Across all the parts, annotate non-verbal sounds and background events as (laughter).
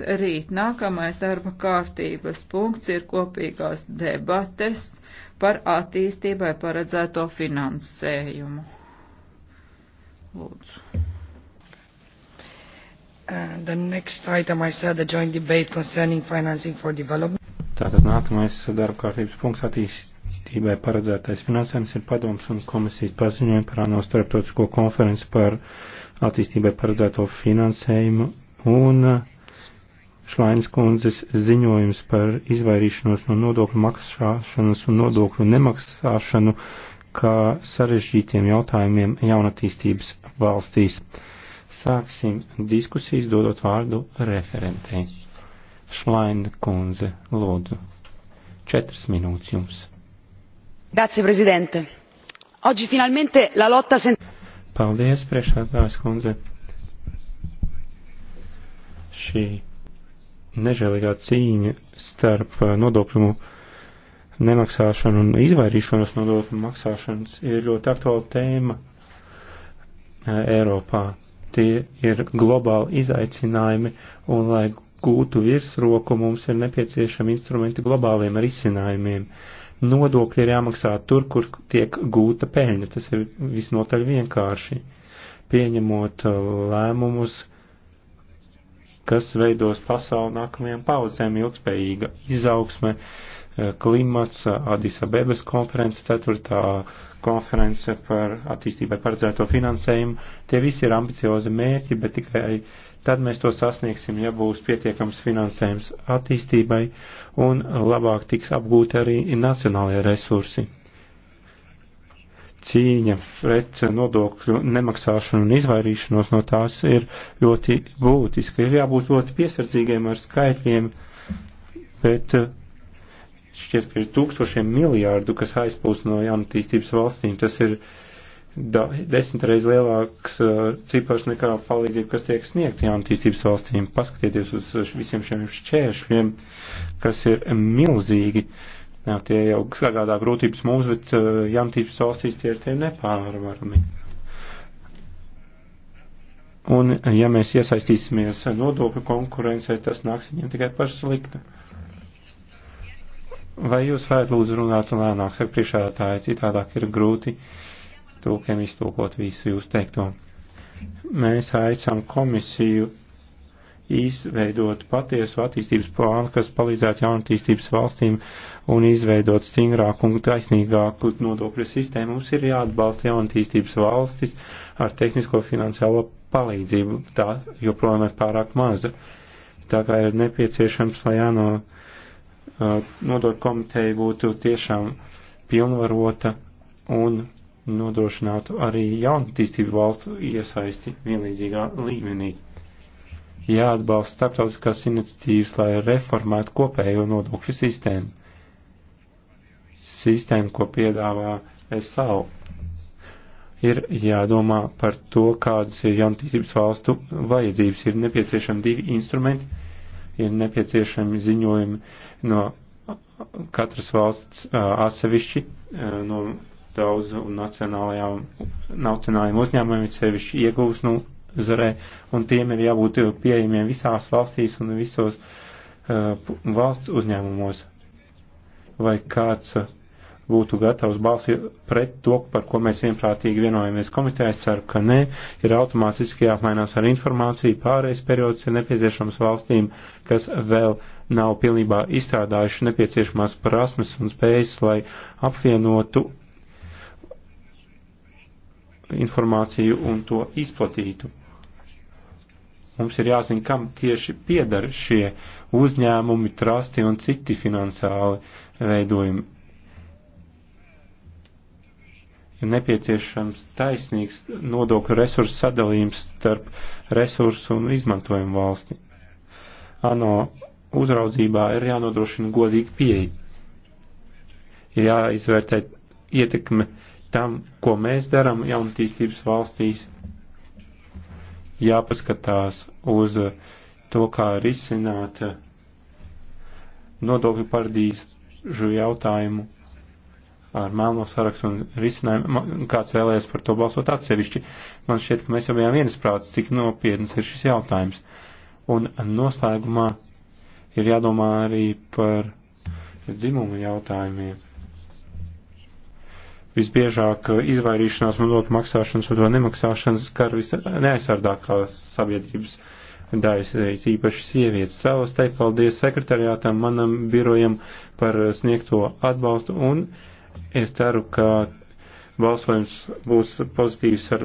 noteikts rīt. Nākamais darba kārtības punkts ir kopīgās debates par attīstībai paredzēto finansējumu. Lūdzu. Uh, the next item I said the joint debate concerning financing for development. Tātad nākamais darba kārtības punkts attīstībai paredzētais finansējums ir padoms un komisijas paziņojumi par ANO starptautisko konferenci par attīstībai paredzēto finansējumu un uh, Šlainas kundzes ziņojums par izvairīšanos no nodokļu maksāšanas un nodokļu nemaksāšanu kā sarežģītiem jautājumiem jaunatīstības valstīs. Sāksim diskusijas dodot vārdu referentei. Šlaina kundze, lūdzu. Četras minūtes jums. Grazie, prezidente. Oggi finalmente la lotta sen... Paldies, priekšādājas kundze. Šī nežēlīgā cīņa starp eh, nodokļu nemaksāšanu un izvairīšanos nodokļu maksāšanas ir ļoti aktuāla tēma eh, Eiropā. Tie ir globāli izaicinājumi, un lai gūtu virsroku, mums ir nepieciešami instrumenti globāliem risinājumiem. Nodokļi ir jāmaksā tur, kur tiek gūta peļņa. Tas ir visnotaļ vienkārši. Pieņemot eh, lēmumus, kas veidos pasauli nākamajām paudzēm - ilgspējīga izaugsme, eh, klimats, Adisabebas konferences, ceturtā konference par attīstībai paredzēto finansējumu. Tie visi ir ambiciozi mērķi, bet tikai tad mēs to sasniegsim, ja būs pietiekams finansējums attīstībai un labāk tiks apgūti arī nacionālajie resursi cīņa pret nodokļu nemaksāšanu un izvairīšanos no tās ir ļoti būtiska. Ir jābūt ļoti piesardzīgiem ar skaitļiem, bet eh, šķiet, ka ir tūkstošiem miljārdu, kas aizplūst no jaunatīstības valstīm. Tas ir da, desmitreiz lielāks uh, cipars nekā palīdzība, kas tiek sniegta jaunatīstības valstīm. Paskatieties uz visiem šiem šķēršļiem, kas ir milzīgi. Uh, Jā, tie jau sagādā grūtības mums, bet uh, jāmtības valstīs tie ir tie nepārvarami. Un, ja mēs iesaistīsimies nodokļu konkurencē, tas nāks viņiem tikai par sliktu. Vai jūs varētu lūdzu runāt lēnāk, saka priekšādātāji, citādāk ir grūti tūkiem iztūkot visu jūs teikto. Mēs aicam komisiju izveidot patiesu attīstības plānu, kas palīdzētu jaunatīstības valstīm un izveidot stingrāku un taisnīgāku nodokļu sistēmu. Mums ir jāatbalsta jaunatīstības valstis ar tehnisko finansiālo palīdzību. Tā joprojām ir pārāk maza. Tā kā ir nepieciešams, lai jāno uh, nodokļu komiteja būtu tiešām pilnvarota un nodrošinātu arī jaunatīstību valstu iesaisti vienlīdzīgā līmenī jāatbalsta starptautiskās iniciatīvas, lai reformētu kopējo nodokļu sistēmu. Sistēmu, ko piedāvā SAU. Ir jādomā par to, kādas ir jaunatīstības valstu vajadzības. Ir nepieciešami divi instrumenti, ir nepieciešami ziņojumi no katras valsts atsevišķi, no daudzu nacionālajām, nacionālajiem uzņēmumiem, sevišķi iegūst no nu, nozarē, un tiem ir jābūt pieejamiem visās valstīs un visos uh, valsts uzņēmumos. Vai kāds uh, būtu gatavs balsi pret to, par ko mēs vienprātīgi vienojamies komitē, es ceru, ka nē, ir automātiski jāapmainās ar informāciju, pārējais periods ir nepieciešams valstīm, kas vēl nav pilnībā izstrādājuši nepieciešamās prasmes un spējas, lai apvienotu informāciju un to izplatītu. Mums ir jāzina, kam tieši piedara šie uzņēmumi, trasti un citi finansiāli veidojumi. Ir nepieciešams taisnīgs nodokļu resursu sadalījums starp resursu un izmantojumu valsti. ANO uzraudzībā ir jānodrošina godīgi pieeja. Ir jāizvērtē ietekme tam, ko mēs darām jaunatīstības valstīs jāpaskatās uz to, kā risināt nodokļu paradīžu jautājumu ar melno sarakstu un risinājumu, kāds vēlēs par to balsot atsevišķi. Man šķiet, ka mēs jau bijām viensprāts, cik nopietnas ir šis jautājums. Un noslēgumā ir jādomā arī par dzimumu jautājumiem visbiežāk izvairīšanās no notu maksāšanas un to nemaksāšanas skar visneaizsardākās sabiedrības daļas, eh, īpaši sievietes. Savas te paldies sekretariātam, manam birojam par sniegto atbalstu un es ceru, ka balsojums būs pozitīvs ar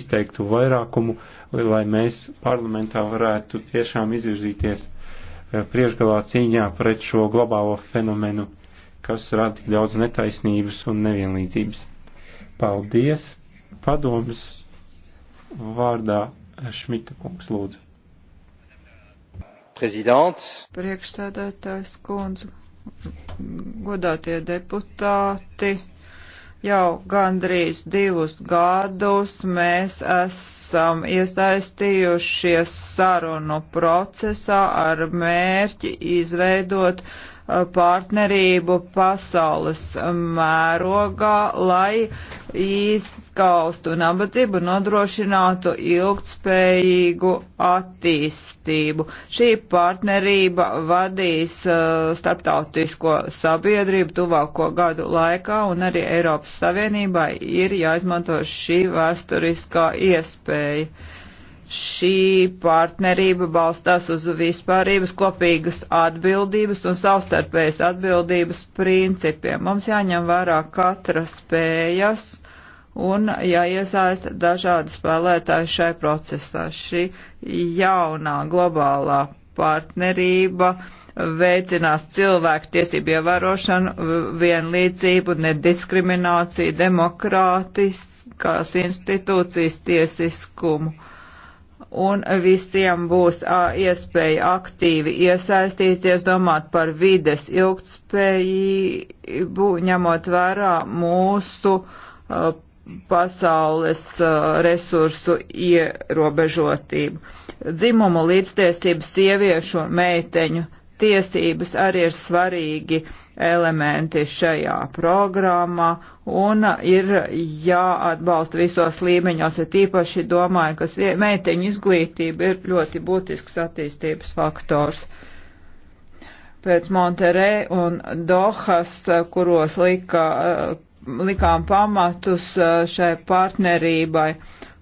izteiktu vairākumu, lai mēs parlamentā varētu tiešām izvirzīties eh, priekšgalā cīņā pret šo globālo fenomenu kas rada tik daudz netaisnības un nevienlīdzības. Paldies! Padomas vārdā Šmita kungs lūdzu. Prezidents. Priekšsēdētājs kundze, godātie deputāti, jau gandrīz divus gadus mēs esam iesaistījušies sarunu procesā ar mērķi izveidot uh, partnerību pasaules mērogā, lai izskaustu nabadzību, nodrošinātu ilgtspējīgu attīstību. Šī partnerība vadīs uh, starptautisko sabiedrību tuvāko gadu laikā, un arī Eiropas Savienībai ir jāizmanto šī vēsturiskā iespēja Šī partnerība balstās uz vispārības kopīgas atbildības un savstarpējas atbildības principiem. Mums jāņem vērā katra spējas un jāiesaista dažādi spēlētāji šai procesā. Šī jaunā globālā partnerība veicinās cilvēku tiesību ievērošanu, vienlīdzību, nediskrimināciju, demokrātiskās institūcijas tiesiskumu un visiem būs iespēja aktīvi iesaistīties, domāt par vides ilgtspējību, ņemot vērā mūsu pasaules resursu ierobežotību. Dzimumu līdztiesību sieviešu un meiteņu tiesības arī ir svarīgi elementi šajā programmā un ir jāatbalsta visos līmeņos, ja tīpaši domāju, ka meiteņu izglītība ir ļoti būtisks attīstības faktors. Pēc Monterē un Dohas, kuros lika, likām pamatus eh, šai partnerībai,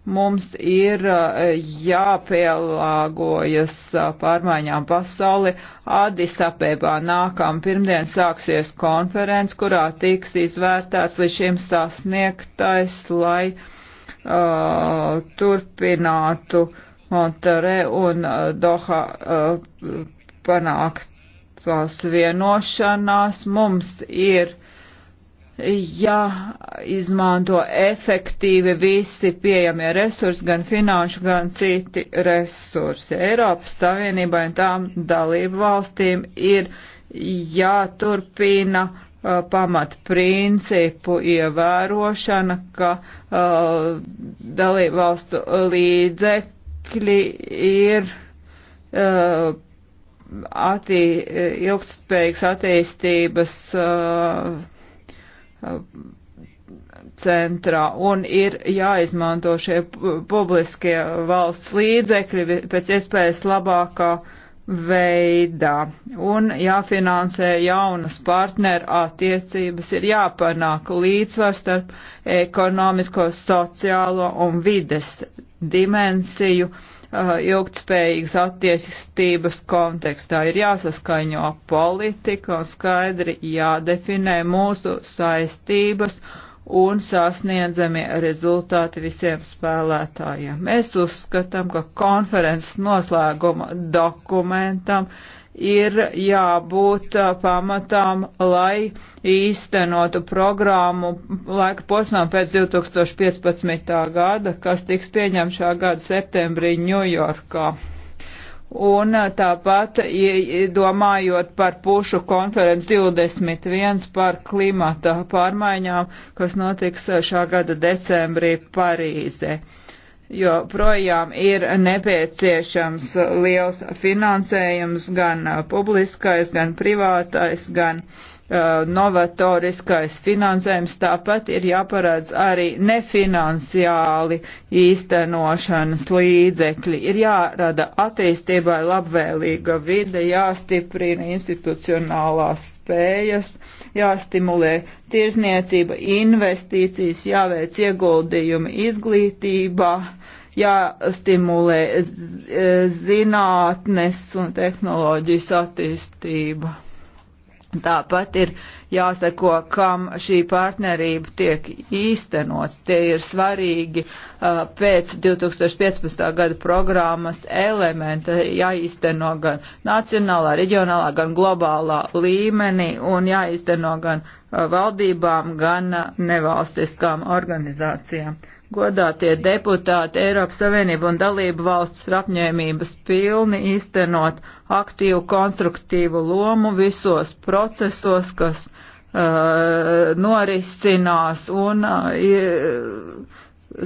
mums ir eh, jāpielāgojas eh, pārmaiņām pasauli. Adisapēbā nākam pirmdien sāksies konferences, kurā tiks izvērtēts līdz šim sasniegtais, lai uh, turpinātu Montere un uh, Doha uh, panākt tās vienošanās. Mums ir jāizmanto ja efektīvi visi pieejamie resursi, gan finanšu, gan citi resursi. Eiropas Savienībai un tām dalību valstīm ir jāturpina uh, pamat principu ievērošana, ka uh, dalību valstu līdzekļi ir uh, attī, ilgspējīgas attīstības uh, centrā un ir jāizmanto šie publiskie valsts līdzekļi pēc iespējas labākā veidā un jāfinansē jaunas partneru attiecības, ir jāpanāk līdzsvars starp ekonomisko, sociālo un vides dimensiju Uh, ilgtspējīgas attiestības kontekstā. Ir jāsaskaņo politika un skaidri jādefinē mūsu saistības un sasniedzamie rezultāti visiem spēlētājiem. Mēs uzskatām, ka konferences noslēguma dokumentam uh, ir jābūt pamatām, lai īstenotu programmu laika posmām pēc 2015. gada, kas tiks pieņemta šā gada septembrī Ņujorkā. Un tāpat domājot par pušu konferenci 21 par klimata pārmaiņām, kas notiks šā gada decembrī Parīze jo projām ir nepieciešams liels finansējums, gan uh, publiskais, gan privātais, gan uh, novatoriskais finansējums. Tāpat ir jāparedz arī nefinanciāli īstenošanas līdzekļi. Ir jārada attīstībai labvēlīga vide, jāstiprina institucionālās spējas, jāstimulē tirzniecība, investīcijas, jāveic ieguldījumi izglītībā, jāstimulē e, zinātnes un tehnoloģijas attīstība. Tāpat ir jāseko, kam šī partnerība tiek īstenots. Tie ir svarīgi uh, pēc 2015. gada programmas elementa jāīsteno gan nacionālā, reģionālā, gan globālā līmenī un jāīsteno gan uh, valdībām, gan uh, nevalstiskām organizācijām. Godātie deputāti, Eiropas Savienība un dalību valsts ir apņēmības pilni īstenot aktīvu konstruktīvu lomu visos procesos, kas uh, norisinās un uh,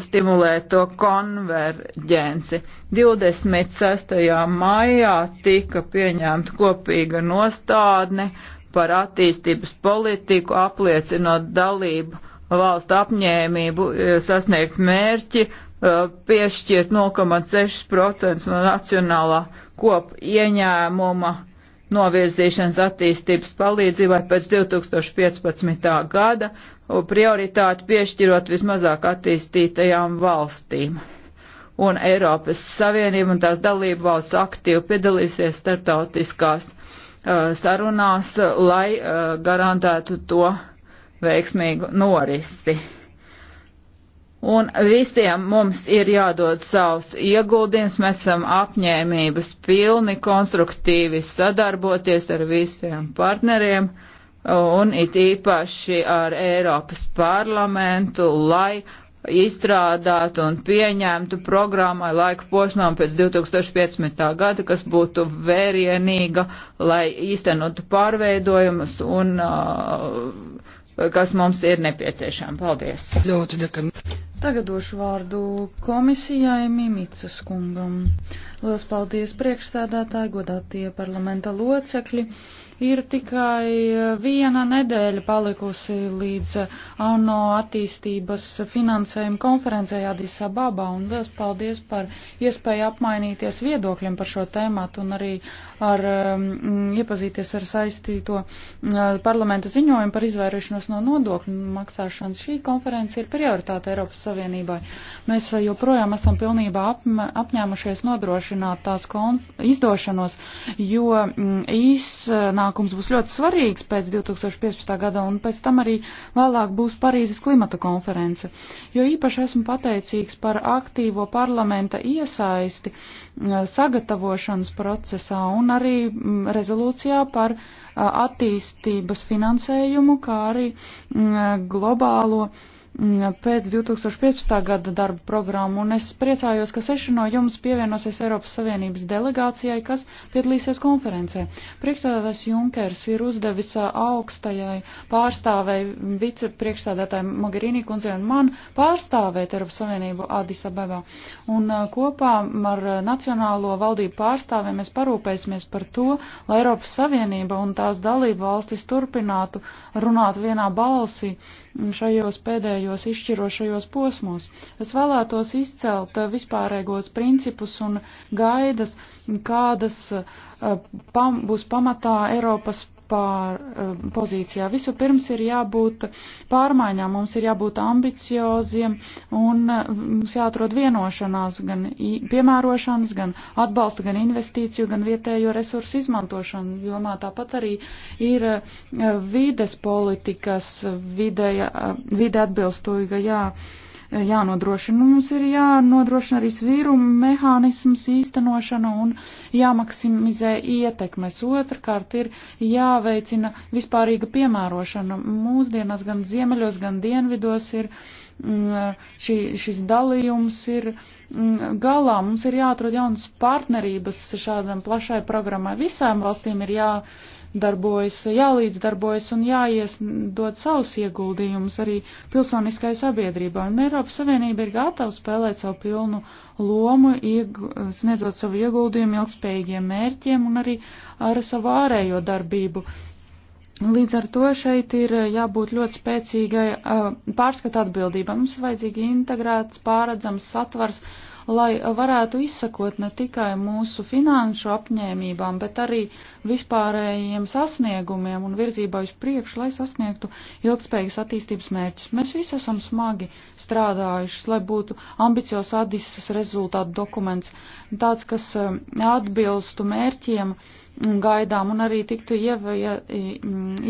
stimulē to konverģenci. 26. maijā tika pieņemta kopīga nostādne par attīstības politiku, apliecinot dalību valstu apņēmību eh, sasniegt mērķi, eh, piešķirt 0,6% no nacionālā kopa ieņēmuma novirzīšanas attīstības palīdzībai pēc 2015. gada, prioritāti piešķirot vismazāk attīstītajām valstīm. Un Eiropas Savienība un tās dalību valsts aktīvi piedalīsies starptautiskās uh, sarunās, lai uh, garantētu to uh, veiksmīgu norisi. Un visiem mums ir jādod savs ieguldījums, mēs esam apņēmības pilni, konstruktīvi sadarboties ar visiem partneriem un it īpaši ar Eiropas parlamentu, lai izstrādātu un pieņemtu programmai laika posmām pēc 2015. gada, kas būtu vērienīga, lai īstenotu pārveidojumus un uh, kas mums ir nepieciešama. Paldies! Ļoti nekam. Tagad došu vārdu komisijai Mimicas kungam. Lielas paldies priekšsēdētāji, godātie parlamenta locekļi. Ir tikai eh, viena nedēļa palikusi līdz eh, ANO attīstības finansējuma konferencē Adisā Babā, un liels paldies par iespēju apmainīties viedokļiem par šo tēmatu un arī ar, um, iepazīties ar saistīto um, parlamenta ziņojumu par izvairīšanos no nodokļu maksāšanas. Šī konference ir prioritāte Eiropas Savienībai. Mēs joprojām esam pilnībā ap, apņēmušies nodrošināt tās izdošanos, jo um, mm, īsnā panākums būs ļoti svarīgs pēc 2015. gada un pēc tam arī vēlāk būs Parīzes klimata konference. Jo īpaši esmu pateicīgs par aktīvo parlamenta iesaisti sagatavošanas procesā un arī rezolūcijā par attīstības finansējumu, kā arī globālo uh, Mm, pēc 2015. gada darba programmu, un es priecājos, ka seši no jums pievienosies Eiropas Savienības delegācijai, kas piedalīsies konferencē. Priekšstādātājs Junkers ir uzdevis augstajai pārstāvei, vicepriekšstādātājai Mogherini kundzei un man pārstāvēt Eiropas Savienību Adisabebā. Un kopā ar Nacionālo valdību pārstāvēm mēs parūpēsimies par to, lai Eiropas Savienība un tās dalība valstis turpinātu runāt vienā balsī šajos pēdējos izšķirošajos posmos. Es vēlētos izcelt eh, vispārējos principus un gaidas, kādas eh, pam, būs pamatā Eiropas pār, eh, pozīcijā. Vispirms ir jābūt pārmaiņām, mums ir jābūt ambicioziem un eh, mums jāatrod vienošanās gan piemērošanas, gan atbalsta, gan investīciju, gan vietējo resursu izmantošanu jomā. Tāpat arī ir eh, vides politikas, vide, vide atbilstīga jā jānodrošina. Mums ir jānodrošina arī svīruma mehānisms īstenošana un jāmaksimizē ietekmes. Otrakārt ir jāveicina vispārīga piemērošana. Mūsdienās gan ziemeļos, gan dienvidos ir mm, šī, šis dalījums ir mm, galā. Mums ir jāatrod jaunas partnerības šādam plašai programmai. Visām valstīm ir jā jādarbojas, jālīdzdarbojas un jāiesdod savus ieguldījumus arī pilsoniskai sabiedrībai. Un Eiropas Savienība ir gatava spēlēt savu pilnu lomu, ieg, sniedzot savu ieguldījumu ilgspējīgiem mērķiem un arī ar savu ārējo darbību. Līdz ar to šeit ir jābūt ļoti spēcīgai pārskata atbildībai. Mums vajadzīgi integrēts, pāredzams satvars lai varētu izsakot ne tikai mūsu finanšu apņēmībām, bet arī vispārējiem sasniegumiem un virzībai uz priekšu, lai sasniegtu ilgspējīgas attīstības mērķus. Mēs visi esam smagi strādājuši, lai būtu ambiciozs adisas rezultātu dokuments, tāds, kas eh, atbilstu mērķiem, uh, gaidām un arī tiktu ievēja,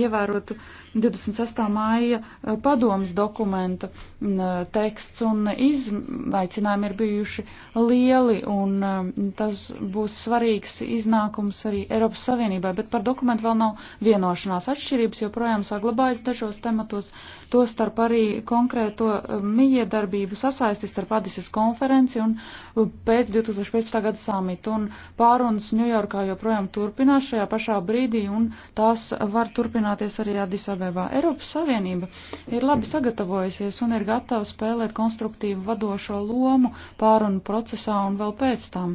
ievērot 26. māja e, padomas dokumenta e, teksts un izaicinājumi ir bijuši lieli un e, tas būs svarīgs iznākums arī Eiropas Savienībai, bet par dokumentu vēl nav vienošanās. Atšķirības joprojām saglabājas dažos tematos, to starp arī konkrēto mijiedarbību sasaistis starp Adises konferenci un pēc 2015. gada samitu un pārunas Ņujorkā joprojām turpinājās turpinās šajā pašā brīdī, un tās var turpināties arī Adisabebā. Eiropas Savienība ir labi sagatavojusies un ir gatava spēlēt konstruktīvu vadošo lomu pārunu procesā un vēl pēc tam.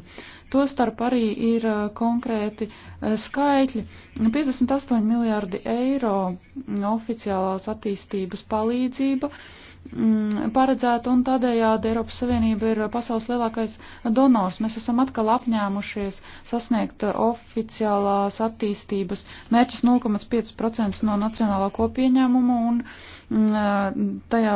Tostarp arī ir uh, konkrēti uh, skaitļi. 58 miljārdi eiro oficiālās attīstības palīdzība. Uh, Mm, paredzēta, un tādējādi Eiropas Savienība ir pasaules lielākais donors. Mēs esam atkal apņēmušies sasniegt oficiālās attīstības mērķis 0,5% no nacionālā kopieņēmuma, un Mm, tajā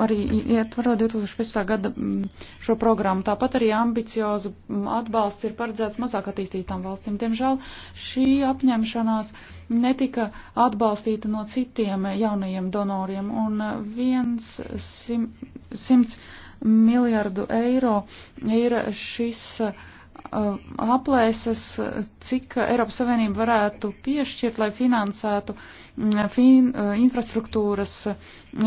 arī ietvarot 2015. gada mm, šo programmu. Tāpat arī ambiciozu mm, atbalsts ir paredzēts mazāk attīstītām valstīm. Diemžēl šī apņemšanās netika atbalstīta no citiem jaunajiem donoriem, un viens sim, simts miljardu eiro ir šis aplēses, cik Eiropas Savienība varētu piešķirt, lai finansētu uh, fin, eh, infrastruktūras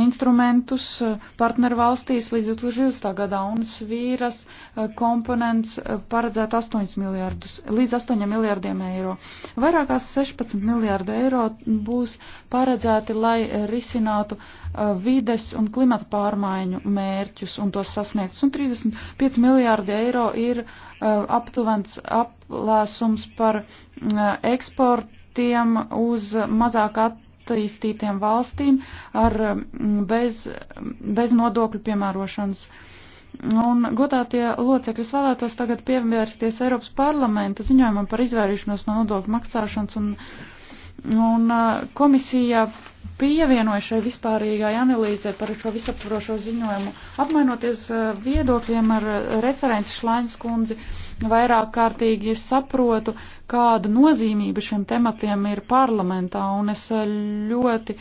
instrumentus eh, partneru valstīs līdz 2020. gadā un svīras eh, komponents paredzēt 8 miljārdus, līdz 8 miljārdiem eiro. Vairākās 16 miljārdu eiro būs paredzēti, lai risinātu vides un klimata pārmaiņu mērķus un tos sasniegtus. Un 35 miljārdi eiro ir aptuvens aplēsums par mm, eksportu projektiem uz mazāk attīstītiem valstīm ar mm, bez, bez nodokļu piemērošanas. Un, godātie locekļi, es vēlētos tagad pievērsties Eiropas parlamenta ziņojumam par izvairīšanos no nodokļu maksāšanas un, un komisija pievienoja šai vispārīgai analīzē par šo visaptvarošo ziņojumu, apmainoties viedokļiem ar referenci Šlaiņas kundzi. Uh, vairāk kārtīgi saprotu, kāda nozīmība šiem tematiem ir parlamentā, un es eh, ļoti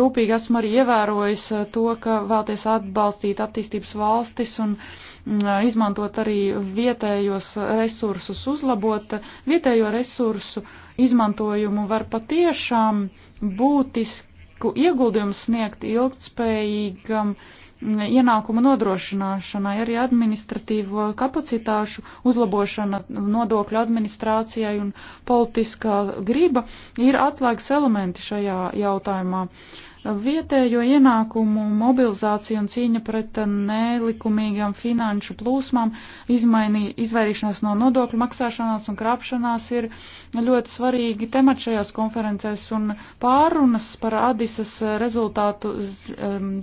rūpīgi esmu arī ievērojis eh, to, ka vēlties atbalstīt attīstības valstis un mm, eh, izmantot arī vietējos resursus, uzlabot vietējo resursu izmantojumu var patiešām būtisku ieguldījumu sniegt ilgtspējīgam uh, ienākumu nodrošināšanai, arī administratīvo kapacitāšu uzlabošana nodokļu administrācijai un politiskā griba ir atslēgas elementi šajā jautājumā. Uh, Vietējo ienākumu mobilizācija un cīņa pret nelikumīgām finanšu plūsmām, izmainī, izvairīšanās no nodokļu maksāšanās un krāpšanās ir ļoti svarīgi temat šajās konferencēs un pārunas par Adisas rezultātu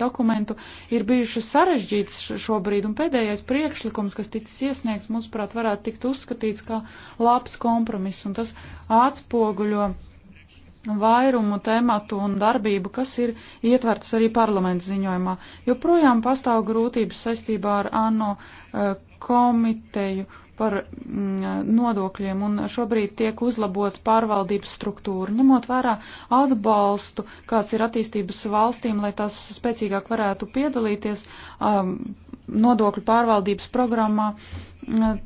dokumentu ir bijušas sarežģītas šobrīd un pēdējais priekšlikums, kas ticis iesniegts, mūsuprāt, varētu tikt uzskatīts kā labs kompromiss un tas atspoguļo vairumu tēmatu un darbību, kas ir ietverts arī parlaments ziņojumā. Joprojām pastāv grūtības saistībā ar ANO eh, komiteju par mm, nodokļiem un šobrīd tiek uzlabot pārvaldības struktūra, ņemot vērā atbalstu, kāds ir attīstības valstīm, lai tās spēcīgāk varētu piedalīties um, nodokļu pārvaldības programmā. Um,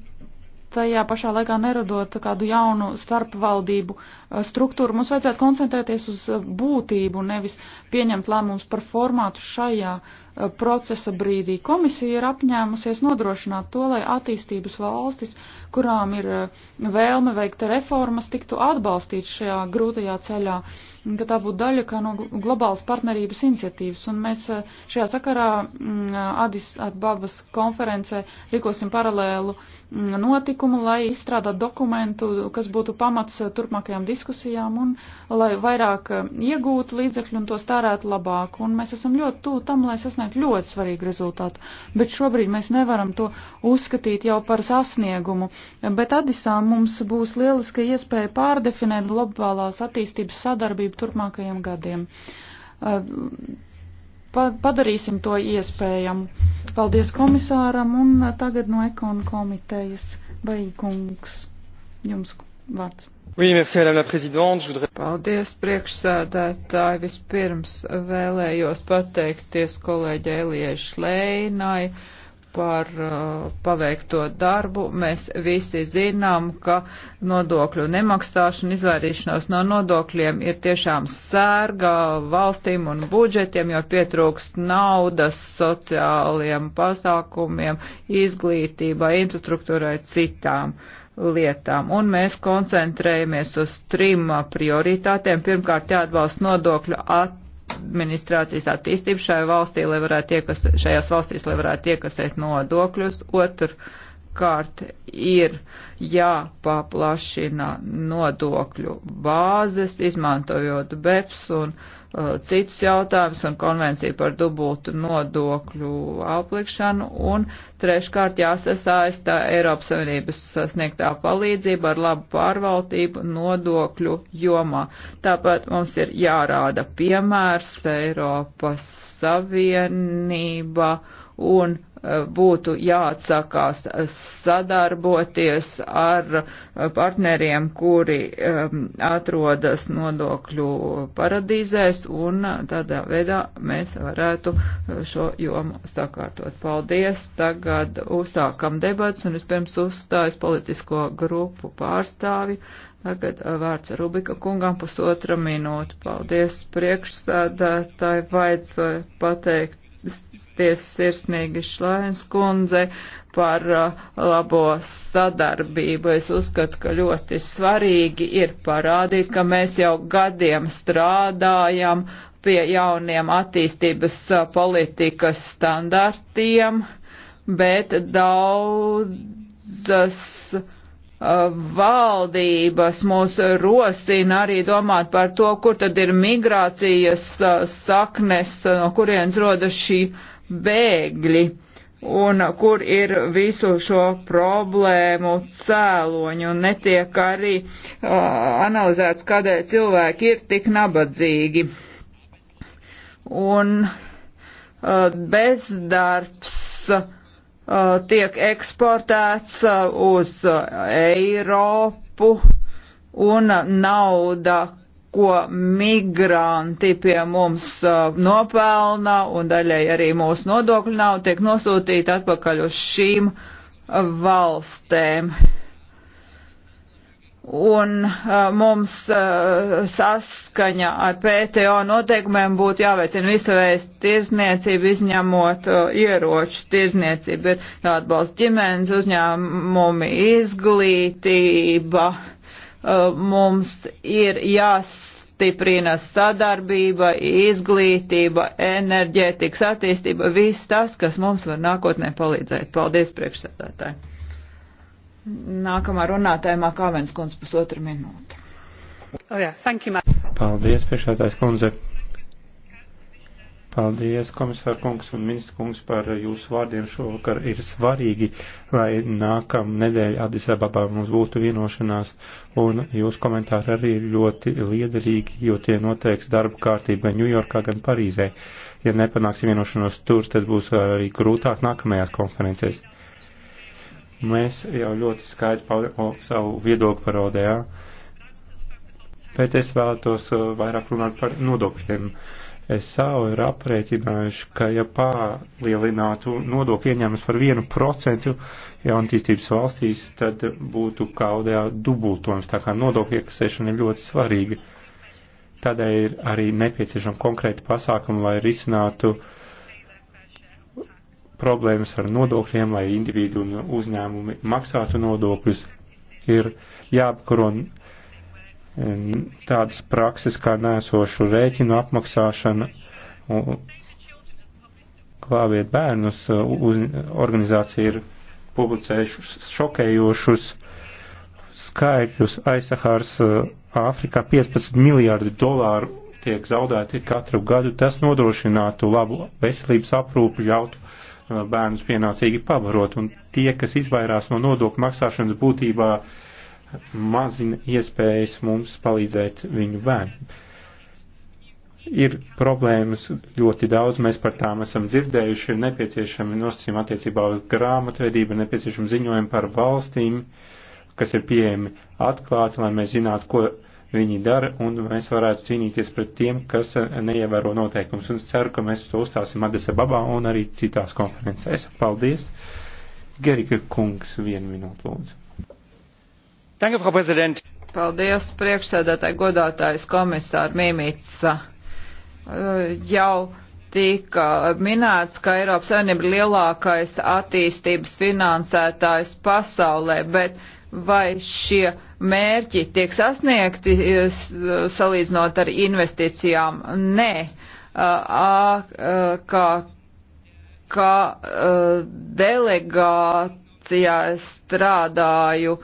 tajā pašā laikā neradot kādu jaunu starpvaldību eh, struktūru. Mums vajadzētu koncentrēties uz eh, būtību, nevis pieņemt lēmumus par formātu šajā eh, procesa brīdī. Komisija ir apņēmusies nodrošināt to, lai attīstības valstis, kurām ir vēlme veikt reformas, tiktu atbalstīts šajā grūtajā ceļā, ka tā būtu daļa kā no globālas partnerības iniciatīvas. Un mēs šajā sakarā mm, Adis Ababas konferencē rīkosim paralēlu notikumu, lai izstrādātu dokumentu, kas būtu pamats turpmākajām diskusijām un lai vairāk iegūtu līdzekļu un tos tērētu labāk. Un mēs esam ļoti tuvu tam, lai sasniegtu ļoti svarīgu rezultātu. Bet šobrīd mēs nevaram to uzskatīt jau par sasniegumu. Bet Adisā mums būs lieliska iespēja pārdefinēt globālās attīstības sadarbību turpmākajiem gadiem pa padarīsim to iespējamu. Paldies komisāram un tagad no ekonu komitejas Baikungs. Jums vārds. Oui, merci, Madame la Présidente. Je voudrais... Paldies, priekšsēdētāji. Vispirms vēlējos pateikties kolēģei Elijai Šleinai par uh, paveikto darbu. Mēs visi zinām, ka nodokļu nemaksāšana, izvairīšanos no nodokļiem ir tiešām sērga valstīm un budžetiem, jo pietrūkst naudas sociāliem pasākumiem, izglītībai, infrastruktūrai, citām lietām. Un mēs koncentrējamies uz trim prioritātēm. Pirmkārt, jāatbalsta nodokļu attīstību administrācijas attīstību šajā valstī, lai varētu iekas, šajās valstīs, lai varētu iekasēt nodokļus. Otrkārt ir jāpaplašina nodokļu bāzes, izmantojot BEPS un uh, Uh, citus jautājumus un konvenciju par dubultu nodokļu aplikšanu, un treškārt jāsasaista Eiropas Savienības sniegtā palīdzība ar labu pārvaldību nodokļu jomā. Tāpat mums ir jārāda piemērs Eiropas Savienība un būtu jāatsakās sadarboties ar partneriem, kuri um, atrodas nodokļu paradīzēs, un tādā veidā mēs varētu šo jomu sakārtot. Paldies! Tagad uzsākam debats, un vispirms uzstājas politisko grupu pārstāvi. Tagad uh, vārds Rubika kungam pusotra minūte. Paldies priekšsēdētāji, vajadzēja pateikt pateikties sirsnīgi Šlains kundze par uh, labo sadarbību. Es uzskatu, ka ļoti svarīgi ir parādīt, ka mēs jau gadiem strādājam pie jauniem attīstības uh, politikas standartiem, bet daudzas Uh, valdības mūs rosina arī domāt par to, kur tad ir migrācijas uh, saknes, uh, no kurienes rodas šī bēgļi un kur ir visu šo problēmu cēloņi un netiek arī uh, analizēts, kādēļ cilvēki ir tik nabadzīgi. Un uh, bezdarbs uh, Uh, tiek eksportēts uh, uz uh, Eiropu un nauda, ko migranti pie mums nopelna un daļai arī mūsu nodokļu nauda tiek nosūtīta atpakaļ uz šīm valstēm un uh, mums uh, saskaņa ar PTO noteikumiem būtu jāveicina visa veida tirzniecība, izņemot uh, ieroču tirzniecību. Ir jāatbalsta ģimenes uzņēmumi, izglītība. Uh, mums ir jāstiprina sadarbība, izglītība, enerģētikas attīstība, viss tas, kas mums var nākotnē palīdzēt. Paldies priekšsēdētāji! Nākamā runātājā Makāvens kundze pusotra minūte. Oh, yeah. you, Paldies, priekšētājs kundze. Paldies, komisāra kungs un ministra kungs par jūsu vārdiem šovakar. Ir svarīgi, lai nākam nedēļa Adisababā mums būtu vienošanās, un jūsu komentāri arī ir ļoti liederīgi, jo tie noteiks darba kārtību gan Ņujorkā, gan Parīzē. Ja nepanāksim vienošanos tur, tad būs arī grūtāk nākamajās konferencēs. Mēs jau ļoti skaidri paudām savu viedokli par ODA, bet es vēlētos uh, vairāk runāt par nodokļiem. SAO ir aprēķinājuši, ka ja palielinātu nodokļu ieņēmumus par vienu procentu jaunatīstības valstīs, tad būtu kaudējā dubultojums, tā kā nodokļu iekasēšana ir ļoti svarīga. Tādēļ ir arī nepieciešama konkrēta pasākuma, lai risinātu uh, problēmas ar nodokļiem, lai individu un uzņēmumi maksātu nodokļus, ir jāapkaro eh, tādas prakses kā nēsošu rēķinu apmaksāšana, klāviet bērnus, eh, uz, organizācija ir publicējuši šokējošus skaitļus. Aizsahārs eh, Āfrikā 15 miljārdi dolāru tiek zaudēti katru gadu. Tas nodrošinātu labu veselības aprūpu, ļautu Uh, bērnus pienācīgi pabarot, un tie, kas izvairās no nodokļu maksāšanas būtībā, mazina iespējas mums palīdzēt viņu bērniem. Ir problēmas ļoti daudz, mēs par tām esam dzirdējuši, ir nepieciešami nosacījumi attiecībā uz grāmatvedību, ir nepieciešami ziņojumi par valstīm, kas ir pieejami atklāti, lai mēs zinātu, ko viņi dara, un mēs varētu cīnīties pret tiem, kas neievēro noteikumus. Un es ceru, ka mēs to uzstāsim Adesa Babā un arī citās konferencēs. Paldies! Gerika kungs, vienu minūtu lūdzu. Danke, Frau Präsident! Paldies, priekšsēdētāji godātājs komisāri Mimica. Jau tika minēts, ka Eiropas Savienība ir lielākais attīstības finansētājs pasaulē, bet vai šie mērķi tiek sasniegti e, salīdzinot ar investīcijām. Nē, kā, kā e, delegācijā strādāju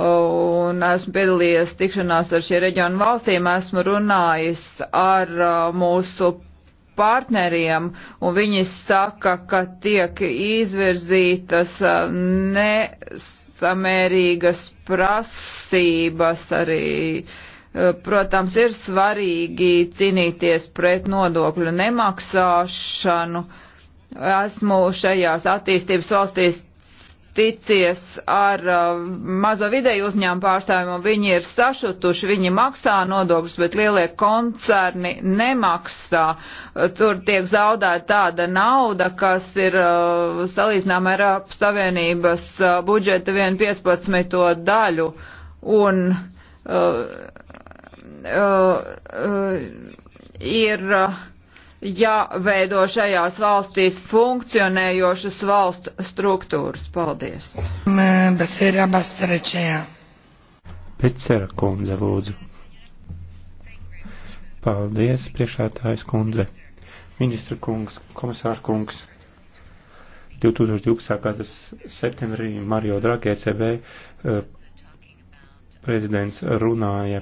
un esmu piedalījies tikšanās ar šie reģionu valstīm, esmu runājis ar mūsu partneriem, un viņi saka, ka tiek izvirzītas ne samērīgas prasības arī. Eh, protams, ir svarīgi cīnīties pret nodokļu nemaksāšanu. Esmu šajās attīstības valstīs ticies ar uh, mazo vidēju uzņēmumu pārstāvjiem, un viņi ir sašutuši, viņi maksā nodokļus, bet lielie koncerni nemaksā. Tur tiek zaudēta tāda nauda, kas ir uh, salīdzināma ar Eiropas Savienības uh, budžeta 1,15 daļu. Un, uh, uh, uh, ir. Uh, jāveido šajās valstīs funkcionējošas valstu struktūras. Paldies. Besera Bastarečējā. Becera kundze, lūdzu. Paldies, priekšētājs kundze. Ministra kungs, komisāra kungs. 2012. gada septembrī Mario Dragē e CB eh, prezidents runāja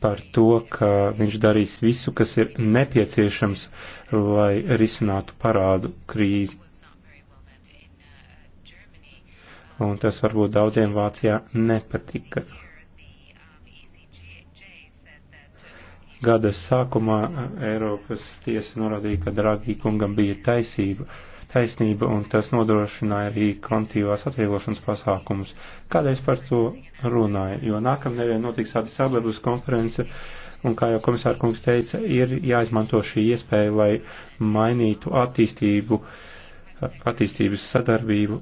par to, ka viņš darīs visu, kas ir nepieciešams, lai risinātu parādu krīzi. Un tas varbūt daudziem Vācijā nepatika. Gada sākumā Eiropas tiesa norādīja, ka Dragī kungam bija taisība. Uh, taisnība, un tas nodrošināja arī kvantīvās atvieglošanas pasākumus. Kādēļ par to runāju? Jo nākamnedēļ notiks Adis Abebas konference, un kā jau komisāra kungs teica, ir jāizmanto šī iespēja, lai mainītu attīstību, attīstības sadarbību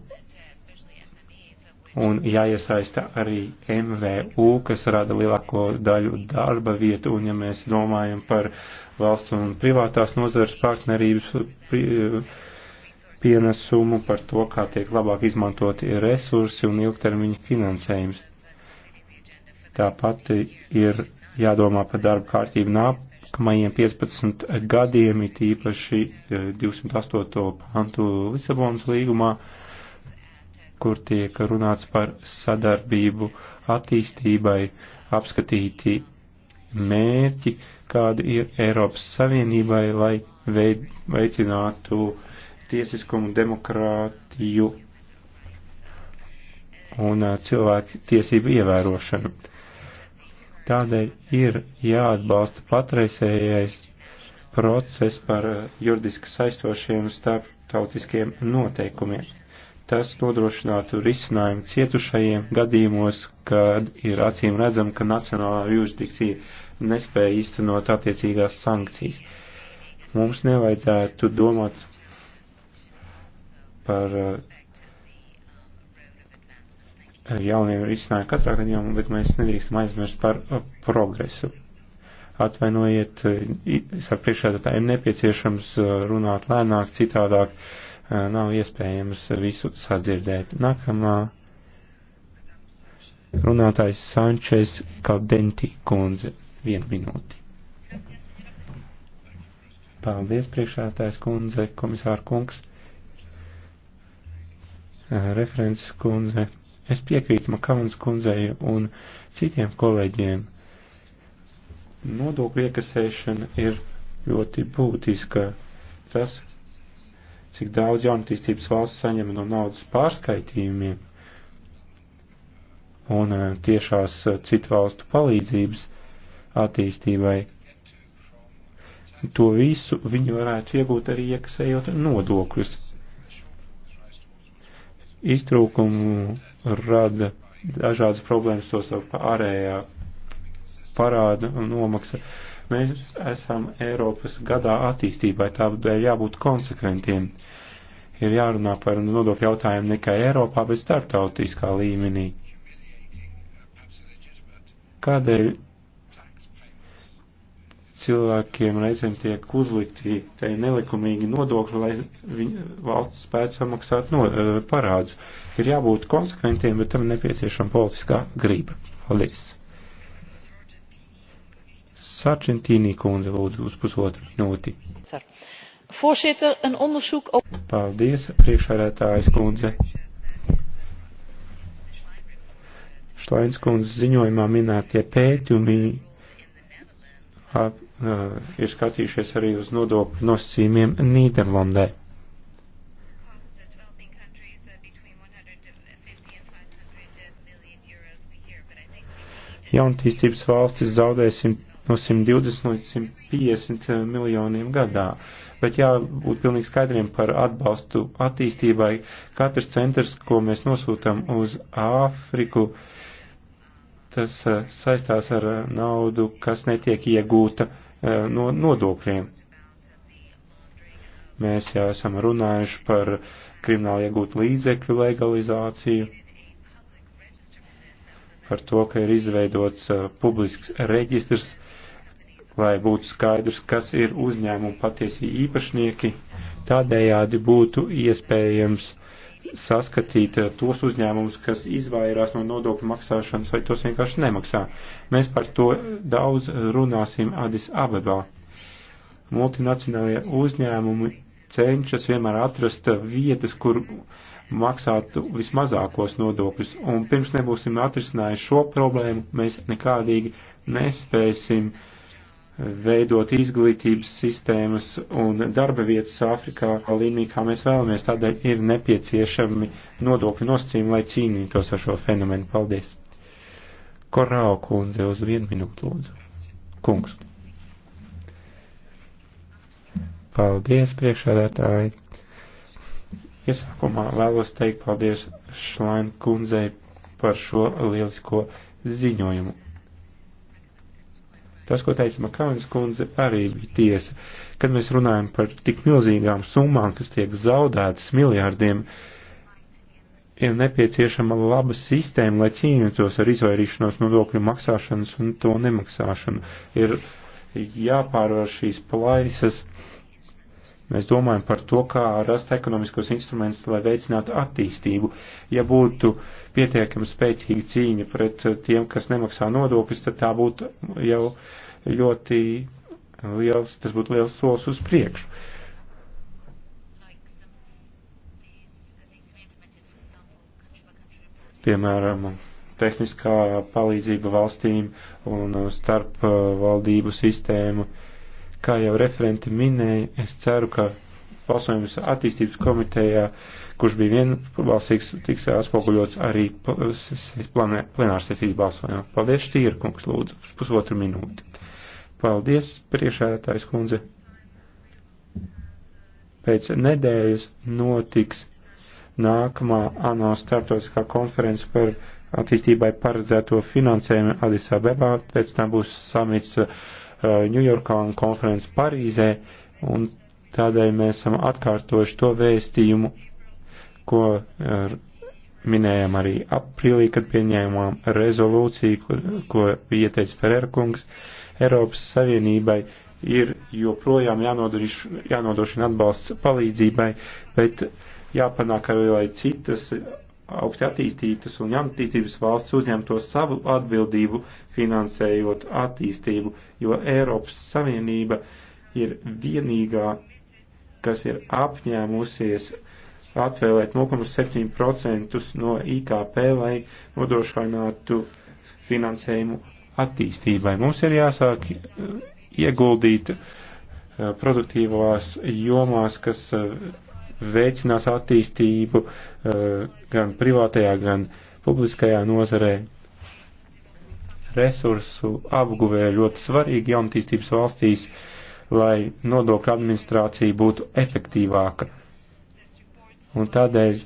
un jāiesaista arī MVU, kas rada lielāko daļu darba vietu, un ja mēs domājam par valsts un privātās nozares partnerības pienesumu, par to, kā tiek labāk izmantoti resursi un ilgtermiņa finansējums. Tāpat ir jādomā par darba kārtību nākamajiem 15 gadiem, it īpaši 208. Eh, pantu Lisabonas līgumā, kur tiek runāts par sadarbību attīstībai, apskatīti mērķi, kādi ir Eiropas Savienībai, lai veicinātu uh, tiesiskumu, demokrātiju un cilvēku tiesību ievērošanu. Tādēļ ir jāatbalsta patreizējais process par juridiski saistošiem starptautiskiem noteikumiem. Tas nodrošinātu risinājumu cietušajiem gadījumos, kad ir acīm redzam, ka nacionālā jurisdikcija nespēja īstenot attiecīgās sankcijas. Mums nevajadzētu domāt par eh, jauniem risinājumiem katrā gadījumā, bet mēs nedrīkstam aizmirst par eh, progresu. Atvainojiet, eh, ar priekšādātājiem nepieciešams runāt lēnāk, citādāk nav iespējams visu sadzirdēt. Nākamā runātājs Sančes Kaldenti kundze. Vienu minūti. Paldies, priekšādātājs kundze, komisāra kungs referents kundze. Es piekrītu Makaunas kundzei un citiem kolēģiem. Nodokļu iekasēšana ir ļoti būtiska. Tas, cik daudz jaunatīstības valsts saņem no naudas pārskaitījumiem un eh, tiešās eh, citu valstu palīdzības attīstībai. To visu viņi varētu iegūt arī iekasējot nodokļus iztrūkumu rada dažādas problēmas, to starp ārējā parāda un nomaksa. Mēs esam Eiropas gadā attīstībai, tādēļ jābūt konsekventiem. Ir jārunā par nodokļu jautājumu ne tikai Eiropā, bet starptautiskā līmenī. Kādēļ cilvēkiem reizēm tiek uzlikti tai nelikumīgi nodokļi, lai viņa valsts spētu samaksāt no, e, parādus. Ir jābūt konsekventiem, bet tam nepieciešama politiskā grība. Paldies! Sarčentīnī kundze lūdzu uz pusotru minūti. Voorzitter, een onderzoek op. Paldies, priekšsēdētājas kundze. Šlainskundze ziņojumā minētie pētījumi at, uh, ir skatījušies arī uz nodokļu nosacījumiem Nīderlandē. Jauntīstības valstis zaudēsim no 120 līdz 150 miljoniem gadā. Bet jābūt pilnīgi skaidriem par atbalstu attīstībai. Katrs centrs, ko mēs nosūtam uz Āfriku, uh, tas eh, saistās ar eh, naudu, kas netiek iegūta eh, no nodokļiem. Mēs jau esam runājuši par kriminālu iegūtu līdzekļu legalizāciju, par to, ka ir izveidots publisks reģistrs, lai būtu skaidrs, kas ir uzņēmumu patiesī īpašnieki. Tādējādi būtu iespējams uh, saskatīt eh, tos uzņēmumus, kas izvairās no nodokļu maksāšanas vai tos vienkārši nemaksā. Mēs par to daudz runāsim Adis Abebā. Multinacionālie uzņēmumi cenšas vienmēr atrast vietas, kur maksāt vismazākos nodokļus, un pirms nebūsim atrisinājuši šo problēmu, mēs nekādīgi nespēsim uh, veidot izglītības sistēmas un darba vietas Āfrikā līmenī, kā mēs vēlamies. Tādēļ ir nepieciešami nodokļu nosacījumi, lai cīnītos ar šo fenomenu. Paldies! Korāo kundze uz vienu minūtu lūdzu. Kungs. Paldies, priekšādātāji. Iesākumā vēlos teikt paldies Šlaim kundzei par šo lielisko ziņojumu Tas, ko teica Makaunis kundze, arī bija tiesa. Kad mēs runājam par tik milzīgām summām, kas tiek zaudētas miljārdiem, ir nepieciešama laba sistēma, lai cīnītos ar izvairīšanos nodokļu maksāšanas un to nemaksāšanu. Ir jāpārvar šīs plaisas. Uh, Mēs domājam par to, kā rast ekonomiskos instrumentus, lai veicinātu attīstību. Ja būtu pietiekami spēcīga cīņa pret tiem, kas nemaksā nodokļus, tad tā būtu jau ļoti liels, tas būtu liels solis uz priekšu. Piemēram, tehniskā palīdzība valstīm un starp valdību sistēmu. Uh, Kā jau referenti minēja, es ceru, ka balsojums attīstības komitejā, kurš bija vienbalsīgs, tiks atspoguļots arī plenārsesijas balsojumā. Paldies, Štīra kungs, lūdzu, pusotru minūti. Paldies, priekšētājs kundze. Pēc nedēļas notiks nākamā ANO startautiskā konference par attīstībai paredzēto finansējumu Adisabebā, pēc tam būs samits uh, Ņujorkā eh, un konferences Parīzē, un tādēļ mēs esam atkārtojuši to vēstījumu, ko eh, minējām arī aprīlī, kad pieņēmām rezolūciju, ko, ko bija ieteicis Ferērkungs. Eiropas Savienībai ir joprojām jānodrošina atbalsts palīdzībai, bet jāpanāk arī, lai citas augsti attīstītas un attīstības valsts uzņemto savu atbildību finansējot attīstību, jo Eiropas Savienība ir vienīgā, kas ir apņēmusies atvēlēt 0,7% no IKP, lai nodrošinātu finansējumu attīstībai. Mums ir jāsāk uh, ieguldīt uh, produktīvās jomās, kas uh, veicinās attīstību eh, gan privātajā, gan publiskajā nozarē. Resursu apguvē ļoti svarīgi jaunatīstības valstīs, lai nodokļu administrācija būtu efektīvāka. Un tādēļ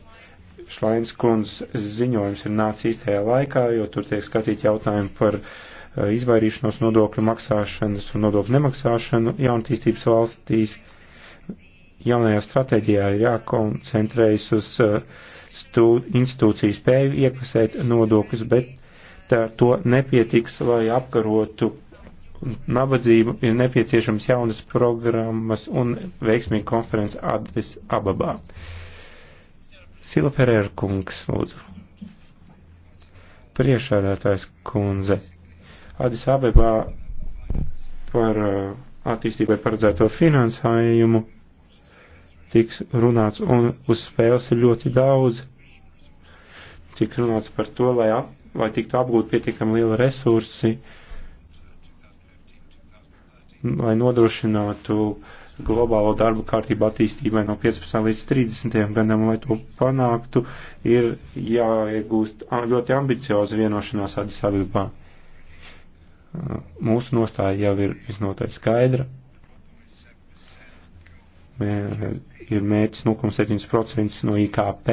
Šlains kundz ziņojums ir nācis īstajā laikā, jo tur tiek skatīt jautājumi par eh, izvairīšanos nodokļu maksāšanas un nodokļu nemaksāšanu jaunatīstības valstīs jaunajā stratēģijā ir jākoncentrējas uz eh, institūciju spēju iekasēt nodokļus, bet tā, to nepietiks, lai apkarotu nabadzību, ir nepieciešams jaunas programmas un veiksmīga konference Adis Ababā. Silferēra kungs, lūdzu. Priešādātājs kundze. Adis Ababā par eh, attīstībai paredzēto finansējumu tiks runāts, un uz spēles ir ļoti daudz. Tiek runāts par to, lai, ap, lai tiktu apgūt pietiekami liela resursi, lai nodrošinātu globālo darbu kārtību attīstībai no 15 līdz 30 gadam, lai to panāktu, ir jāiegūst ļoti ambicioza vienošanās Adisabibā. Mūsu nostāja jau ir visnotaļ skaidra ir mērķis 0,7% no IKP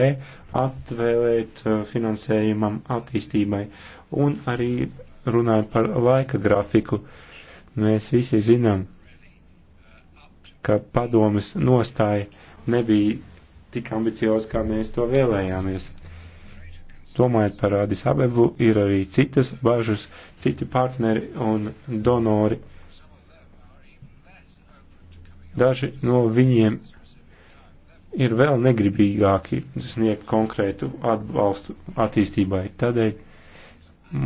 atvēlēt uh, finansējumam attīstībai. Un arī runājot par laika grafiku, mēs visi zinām, ka padomas nostāja nebija tik ambicioza, kā mēs to vēlējāmies. Domājot par Adis Abebu, ir arī citas bažas, citi partneri un donori Daži no viņiem ir vēl negribīgāki sniegt konkrētu atbalstu attīstībai. Tādēļ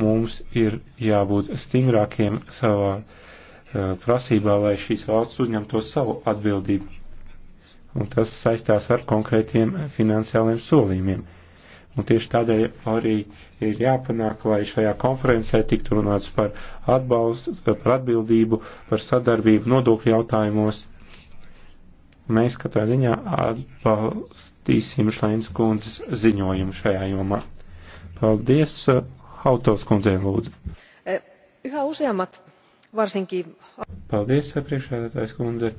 mums ir jābūt stingrākiem savā uh, prasībā, lai šīs valsts uzņemto savu atbildību. Un tas saistās ar konkrētiem finansiāliem solījumiem. Un tieši tādēļ arī ir jāpanāk, lai šajā konferencē tiktu runāts par atbalstu, par atbildību, par sadarbību nodokļu jautājumos Mēs katrā ziņā atbalstīsim Šlainas kundzes ziņojumu šajā jomā. Paldies, Hautovs kundzei lūdzu. E, yhä useammat, varsinkin... Paldies, priekšsēdētājs kundze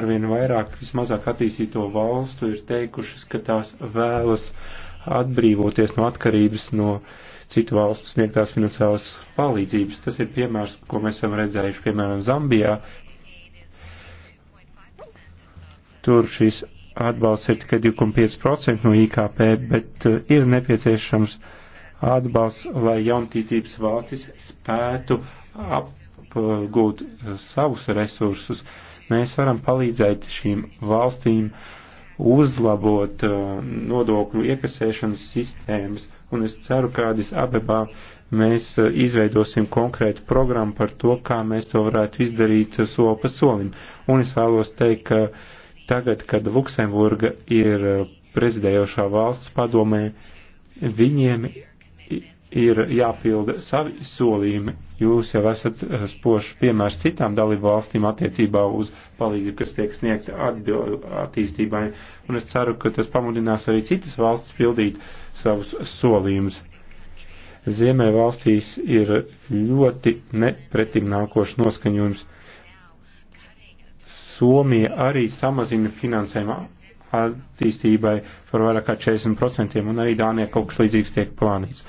arvien vairāk vismazāk attīstīto valstu ir teikušas, ka tās vēlas atbrīvoties no atkarības no citu valstu sniegtās finansiālas palīdzības. Tas ir piemērs, ko mēs esam redzējuši, piemēram, Zambijā, Tur šīs atbalsts ir tikai 2,5% no IKP, bet uh, ir nepieciešams atbalsts, lai jauntītības valstis spētu apgūt uh, savus resursus. Mēs varam palīdzēt šīm valstīm uzlabot uh, nodokļu iekasēšanas sistēmas, un es ceru, ka Adis Abebā mēs izveidosim konkrētu programmu par to, kā mēs to varētu izdarīt soli pa solim. Un es vēlos teikt, ka Tagad, kad Luksemburga ir uh, prezidējošā valsts padomē, viņiem ir jāpilda savi solījumi. Jūs jau esat uh, spošs piemērs citām dalību valstīm attiecībā uz palīdzību, kas tiek sniegta attīstībai, un es ceru, ka tas pamudinās arī citas valstis pildīt savus solījumus. Ziemē valstīs ir ļoti nepretim nākošs noskaņojums. Somija arī samazina finansējumu attīstībai par vairāk kā 40%, un arī Dānijā kaut kas līdzīgs tiek plānīts.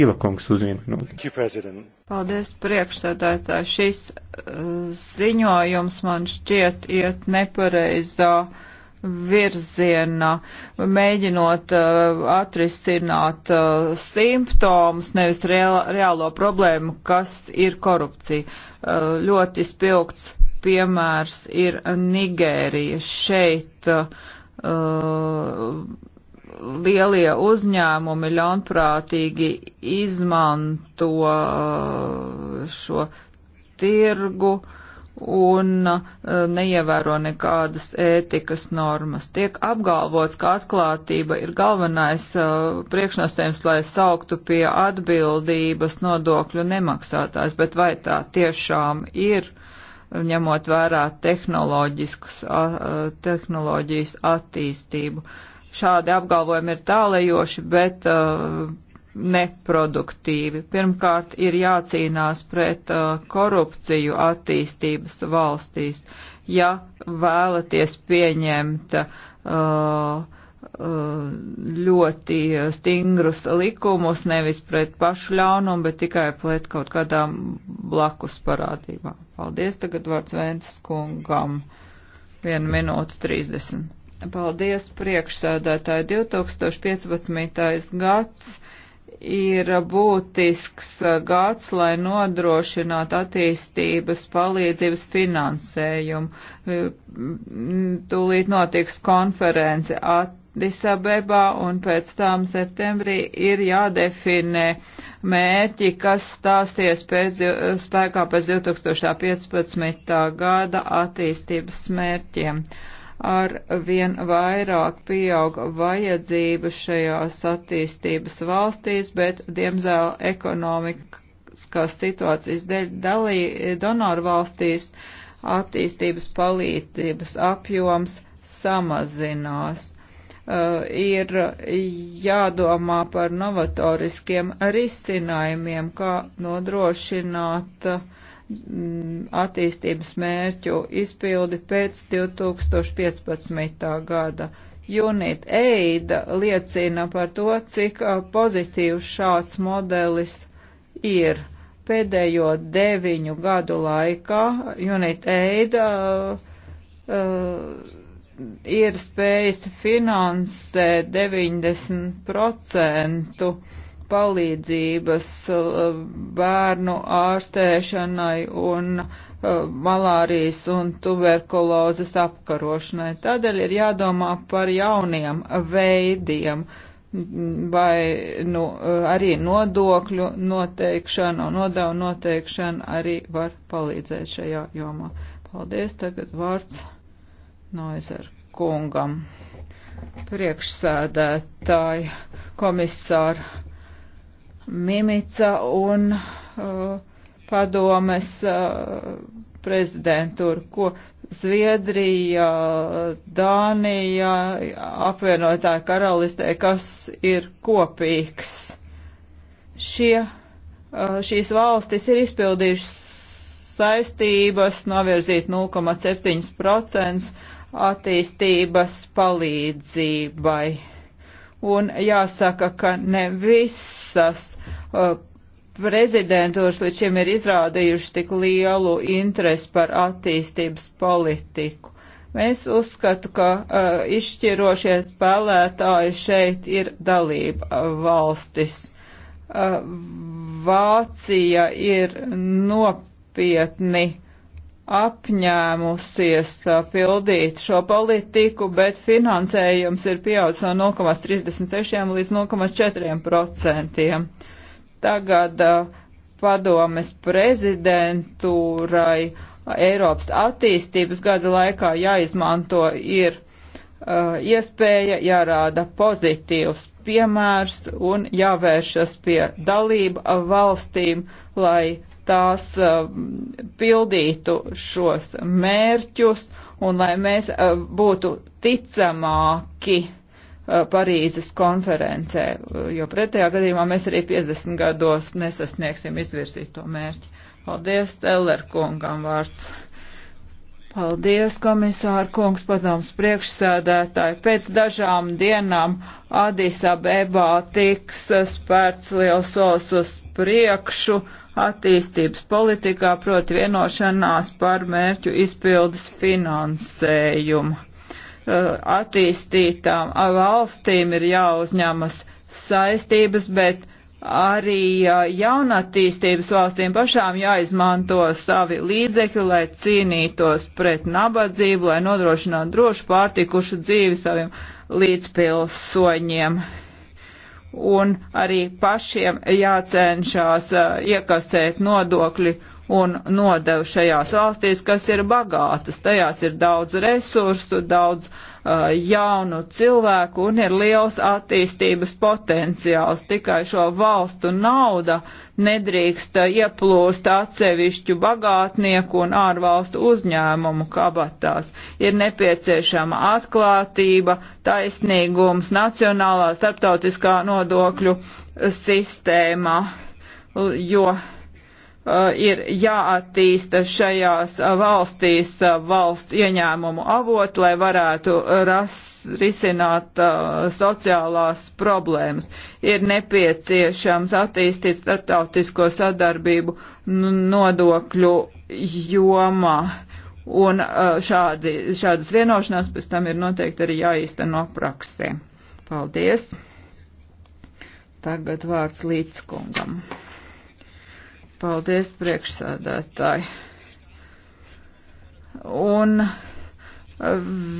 Gila kungs uz vienu minūti. Paldies, priekšsēdētāji. Šis uh, ziņojums man šķiet iet nepareizā virzienā, mēģinot uh, atrisināt uh, simptomus, nevis reālo problēmu, kas ir korupcija. Uh, ļoti spilgts piemērs ir Nigērija. Šeit uh, lielie uzņēmumi ļaunprātīgi izmanto uh, šo tirgu un uh, neievēro nekādas ētikas normas. Tiek apgalvots, ka atklātība ir galvenais uh, priekšnosējums, lai sauktu pie atbildības nodokļu nemaksātājs, bet vai tā tiešām ir? Uh, ņemot vērā tehnoloģijas attīstību. Šādi apgalvojumi ir tālējoši, bet neproduktīvi. Pirmkārt, ir jācīnās pret uh, korupciju attīstības valstīs. Ja vēlaties pieņemt uh, Uh, ļoti stingrus likumus, nevis pret pašu ļaunumu, bet tikai pret kaut kādām blakus parādībām. Paldies, tagad vārds Ventas kungam. 1 minūte 30. Paldies, priekšsēdētāji. 2015. gads ir būtisks gads, lai nodrošinātu attīstības palīdzības finansējumu. Tūlīt notiks konference at Disabebā un pēc tam septembrī ir jādefinē mērķi, kas stāsies pēc, spēkā pēc 2015. gada attīstības mērķiem. Ar vien vairāk pieaug vajadzība šajās attīstības valstīs, bet, diemžēl, ekonomikas situācijas dēļ dalī donoru valstīs attīstības palīdzības apjoms samazinās Eh, ir jādomā par novatoriskiem risinājumiem, kā nodrošināt mm, attīstības mērķu izpildi pēc 2015. gada. Junit Eida liecina par to, cik eh, pozitīvs šāds modelis ir. Pēdējo deviņu gadu laikā Junit Eida uh, eh, uh, ir spējis finansēt 90% palīdzības eh, bērnu ārstēšanai un eh, malārijas un tuberkulozes apkarošanai. Tādēļ ir jādomā par jauniem veidiem vai nu, eh, arī nodokļu noteikšana un nodevu noteikšana arī var palīdzēt šajā jomā. Paldies, tagad vārds Noizer kungam. Priekšsēdētāji komisāri Mimica un uh, padomes uh, prezidentūra, ko Zviedrija, Dānija, apvienotā karalistē, kas ir kopīgs. Šie, uh, šīs valstis ir izpildījušas saistības novirzīt 0,7% attīstības palīdzībai. Un jāsaka, ka ne visas uh, prezidentūras līdz šim ir izrādījuši tik lielu interesi par attīstības politiku. Mēs uzskatu, ka uh, izšķirošie spēlētāji šeit ir dalība uh, valstis. Uh, Vācija ir nopietni apņēmusies uh, pildīt šo politiku, bet finansējums ir pieaudzis no 0,36 līdz 0,4 procentiem. Tagad uh, padomes prezidentūrai uh, Eiropas attīstības gada laikā jāizmanto ir uh, iespēja, jārāda pozitīvs piemērs un jāvēršas pie dalība valstīm, lai tās um, pildītu šos mērķus un lai mēs uh, būtu ticamāki uh, Parīzes konferencē, uh, jo pretējā gadījumā mēs arī 50 gados nesasniegsim izvirzīto mērķi. Paldies, Eller kungam vārds. Paldies, komisāra kungs, padoms priekšsēdētāji. Pēc dažām dienām Adis Abebā tiks spērts liels solis uz priekšu attīstības politikā, proti vienošanās par mērķu izpildes finansējumu. Uh, attīstītām valstīm ir jāuzņemas saistības, bet arī uh, jaunatīstības valstīm pašām jāizmanto savi līdzekļi, lai cīnītos pret nabadzību, lai nodrošinātu drošu pārtikušu dzīvi saviem līdzpilsoņiem un arī pašiem jācenšas uh, iekasēt nodokļi un nodevu šajās valstīs, kas ir bagātas. Tajās ir daudz resursu, daudz uh, Uh, jaunu cilvēku un ir liels attīstības potenciāls. Tikai šo valstu nauda nedrīkst ieplūst atsevišķu bagātnieku un ārvalstu uzņēmumu kabatās. Ir nepieciešama atklātība, taisnīgums nacionālā starptautiskā nodokļu sistēmā, jo Uh, ir jāattīsta šajās uh, valstīs uh, valsts ieņēmumu avot, lai varētu ras, risināt uh, sociālās problēmas. Ir nepieciešams attīstīt starptautisko sadarbību nodokļu jomā. Un uh, šādi, šādas vienošanās pēc tam ir noteikti arī jāīsteno praksē. Paldies! Tagad vārds līdzkungam. Paldies, priekšsēdētāji. Un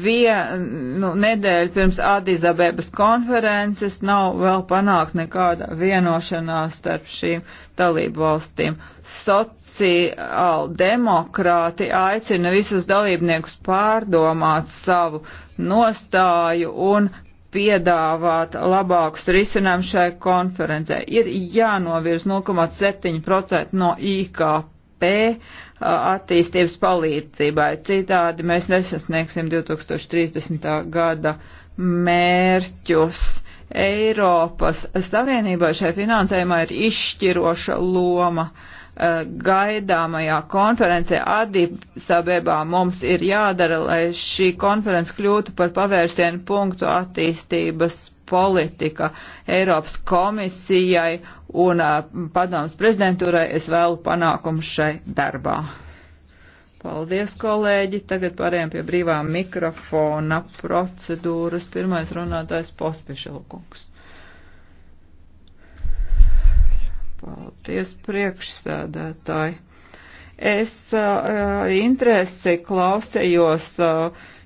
vienu nu, nedēļu pirms Adizabebas konferences nav vēl panākt nekāda vienošanās starp šīm dalību valstīm. Sociāli demokrāti aicina visus dalībniekus pārdomāt savu nostāju un piedāvāt labākus risinājumus šai konferencē. Ir jānovirz 0,7% no IKP attīstības palīdzībai. Citādi mēs nesasniegsim 2030. gada mērķus. Eiropas Savienībai šai finansējumā ir izšķiroša loma. Uh, gaidāmajā konferencē Adisabebā mums ir jādara, lai šī konference kļūtu par pavērsienu punktu attīstības politika Eiropas komisijai un padomas prezidentūrai. Es vēlu panākumu šai darbā. Paldies, kolēģi. Tagad pārējām pie brīvā mikrofona procedūras. Pirmais runātājs Pospišilkungs. Paldies, priekšsēdētāji. Es ar interesi klausējos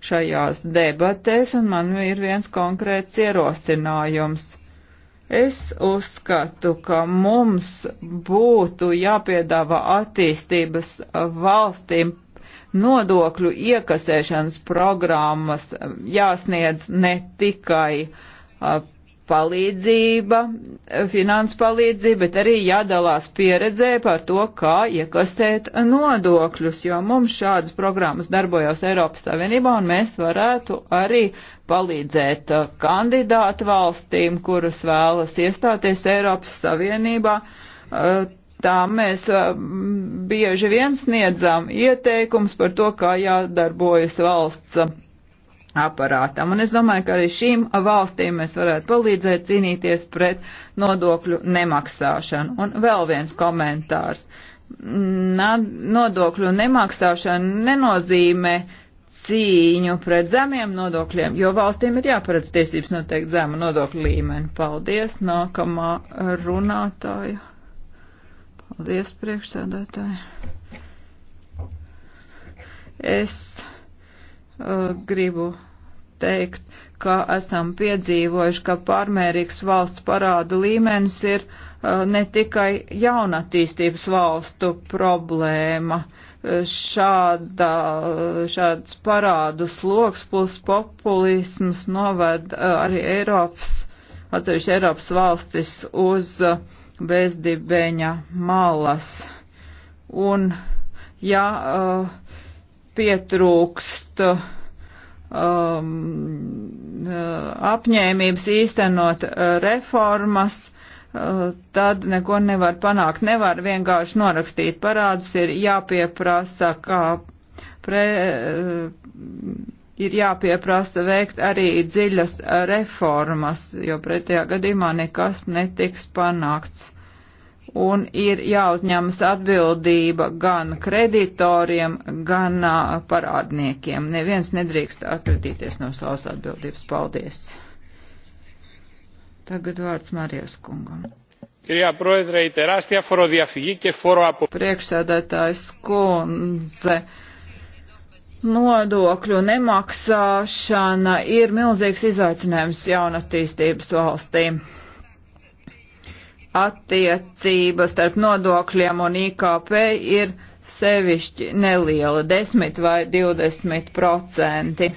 šajās debatēs, un man ir viens konkrēts ierosinājums. Es uzskatu, ka mums būtu jāpiedāvā attīstības valstīm nodokļu iekasēšanas programmas jāsniedz ne tikai palīdzība, finanses palīdzība, bet arī jādalās pieredzē par to, kā iekasēt nodokļus, jo mums šādas programmas darbojas Eiropas Savienībā un mēs varētu arī palīdzēt kandidātu valstīm, kuras vēlas iestāties Eiropas Savienībā. Tā mēs uh, bieži vien sniedzam ieteikums par to, kā jādarbojas valsts aparātam. Un es domāju, ka arī šīm valstīm mēs varētu palīdzēt cīnīties pret nodokļu nemaksāšanu. Un vēl viens komentārs. Nodokļu nemaksāšana nenozīmē cīņu pret zemiem nodokļiem, jo valstīm ir jāparedz tiesības noteikt zemu nodokļu līmeni. Paldies, nākamā runātāja. Paldies, priekšsēdētāji. Es uh, gribu teikt, ka esam piedzīvojuši, ka pārmērīgs valsts parādu līmenis ir uh, ne tikai jaunatīstības valstu problēma. Uh, šāda, uh, šāds parādu sloks plus populisms noved arī Eiropas, atsevišķi Eiropas valstis uz bezdibeņa malas. Un, ja pietrūkst uh, um, apņēmības īstenot uh, reformas, uh, tad neko nevar panākt. Nevar vienkārši norakstīt parādus, ir jāpieprasa, kā pre, uh, ir jāpieprasa veikt arī dziļas reformas, jo pretējā gadījumā nekas netiks panākts un ir jāuzņemas atbildība gan kreditoriem, gan parādniekiem. Neviens nedrīkst atradīties no savas atbildības. Paldies! Tagad vārds Marijas kungam. Priekšsēdētājs kundze. Nodokļu nemaksāšana ir milzīgs izaicinājums jaunatīstības valstīm attiecība starp nodokļiem un IKP ir sevišķi neliela - 10 vai 20 procenti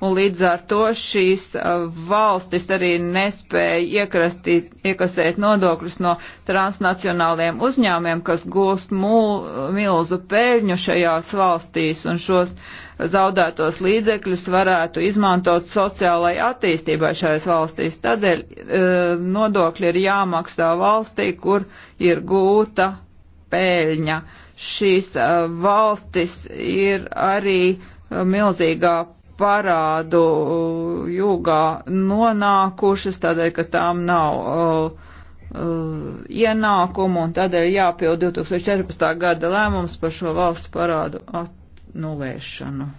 un līdz ar to šīs uh, valstis arī nespēja iekrastīt, iekasēt nodokļus no transnacionāliem uzņēmiem, kas gūst mūl, milzu pēļņu šajās valstīs, un šos zaudētos līdzekļus varētu izmantot sociālai attīstībai šajās valstīs. Tādēļ e, nodokļi ir jāmaksā valstī, kur ir gūta pēļņa. Šīs uh, valstis ir arī milzīgā parādu uh, jūgā nonākušas, tādēļ, ka tām nav uh, uh, ienākumu un tādēļ jāpild 2014. gada lēmums par šo valstu parādu atnulēšanu.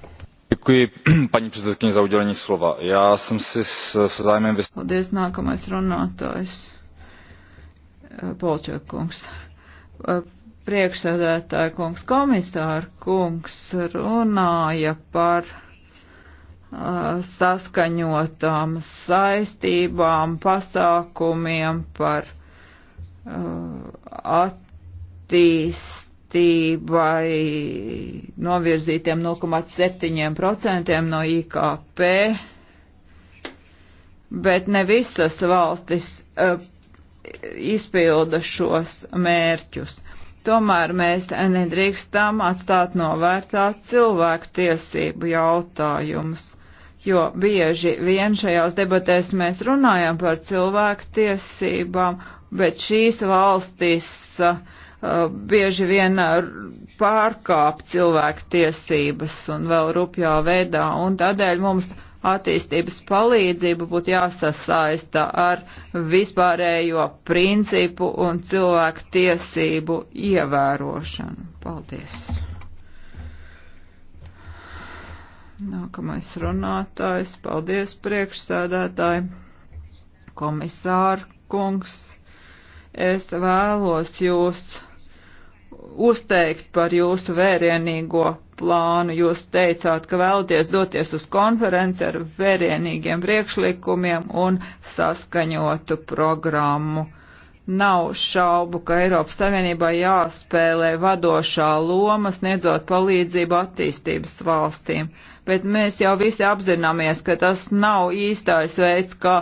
Děkuji, (clears throat) paní předsedkyně, za udělení slova. Já jsem si s, s zájmem... Paldies, nākamais runātājs. Eh, Polčakungs. Eh, priekšsēdētāja kungs, komisāra kungs runāja par saskaņotām saistībām, pasākumiem par uh, attīstībai novirzītiem 0,7% no IKP, bet ne visas valstis uh, izpilda šos mērķus. Tomēr mēs nedrīkstam atstāt novērtā cilvēku tiesību jautājumus jo bieži vien šajās debatēs mēs runājam par cilvēku tiesībām, bet šīs valstis uh, bieži vien pārkāp cilvēku tiesības un vēl rupjā veidā, un tādēļ mums attīstības palīdzība būtu jāsasaista ar vispārējo principu un cilvēku tiesību ievērošanu. Paldies! Nākamais runātājs. Paldies, priekšsēdētāji. Komisār kungs, es vēlos jūs uzteikt par jūsu vērienīgo plānu. Jūs teicāt, ka vēlaties doties uz konferenci ar vērienīgiem priekšlikumiem un saskaņotu programmu. Nav šaubu, ka Eiropas Savienībā jāspēlē vadošā loma, sniedzot palīdzību attīstības valstīm bet mēs jau visi apzināmies, ka tas nav īstais veids, kā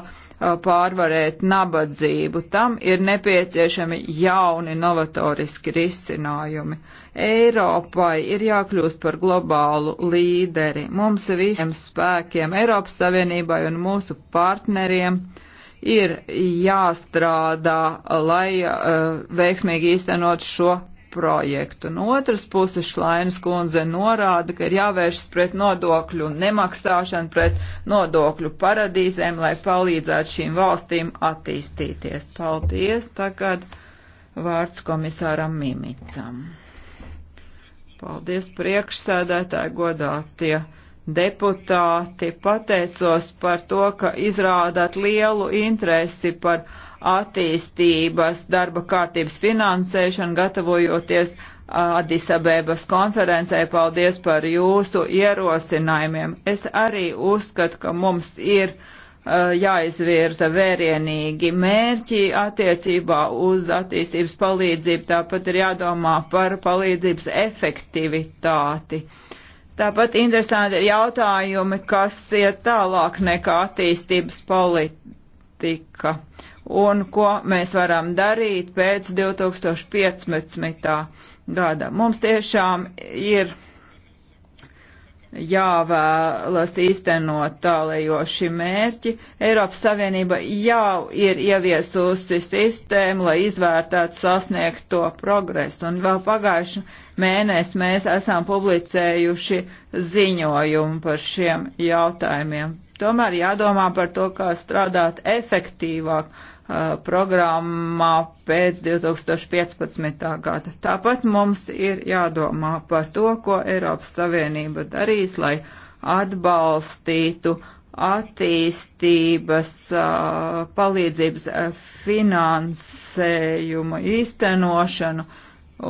pārvarēt nabadzību. Tam ir nepieciešami jauni novatoriski risinājumi. Eiropai ir jākļūst par globālu līderi. Mums visiem spēkiem, Eiropas Savienībai un mūsu partneriem ir jāstrādā, lai uh, veiksmīgi īstenot šo projektu. No otras puses, Šlainas kundze norāda, ka ir jāvēršas pret nodokļu nemaksāšanu, pret nodokļu paradīzēm, lai palīdzētu šīm valstīm attīstīties. Paldies! Tagad vārds komisāram Mimicam. Paldies priekšsēdētāji godātie! deputāti, pateicos par to, ka izrādāt lielu interesi par attīstības darba kārtības finansēšanu, gatavojoties Adisabēbas konferencē. Paldies par jūsu ierosinājumiem. Es arī uzskatu, ka mums ir uh, jāizvirza vērienīgi mērķi attiecībā uz attīstības palīdzību, tāpat ir jādomā par palīdzības efektivitāti. Uh, Tāpat interesanti ir jautājumi, kas iet tālāk nekā attīstības politika un ko mēs varam darīt pēc 2015. gada. Mums tiešām ir jāvēlas īstenot tālējoši mērķi. Eiropas Savienība jau ir ieviesusi sistēmu, lai izvērtētu sasniegto progresu. Un vēl pagājuši mēnesi mēs esam publicējuši ziņojumu par šiem jautājumiem. Tomēr jādomā par to, kā strādāt efektīvāk Uh, programmā pēc 2015. gada. Tāpat mums ir jādomā par to, ko Eiropas Savienība darīs, lai atbalstītu attīstības uh, palīdzības uh, finansējumu īstenošanu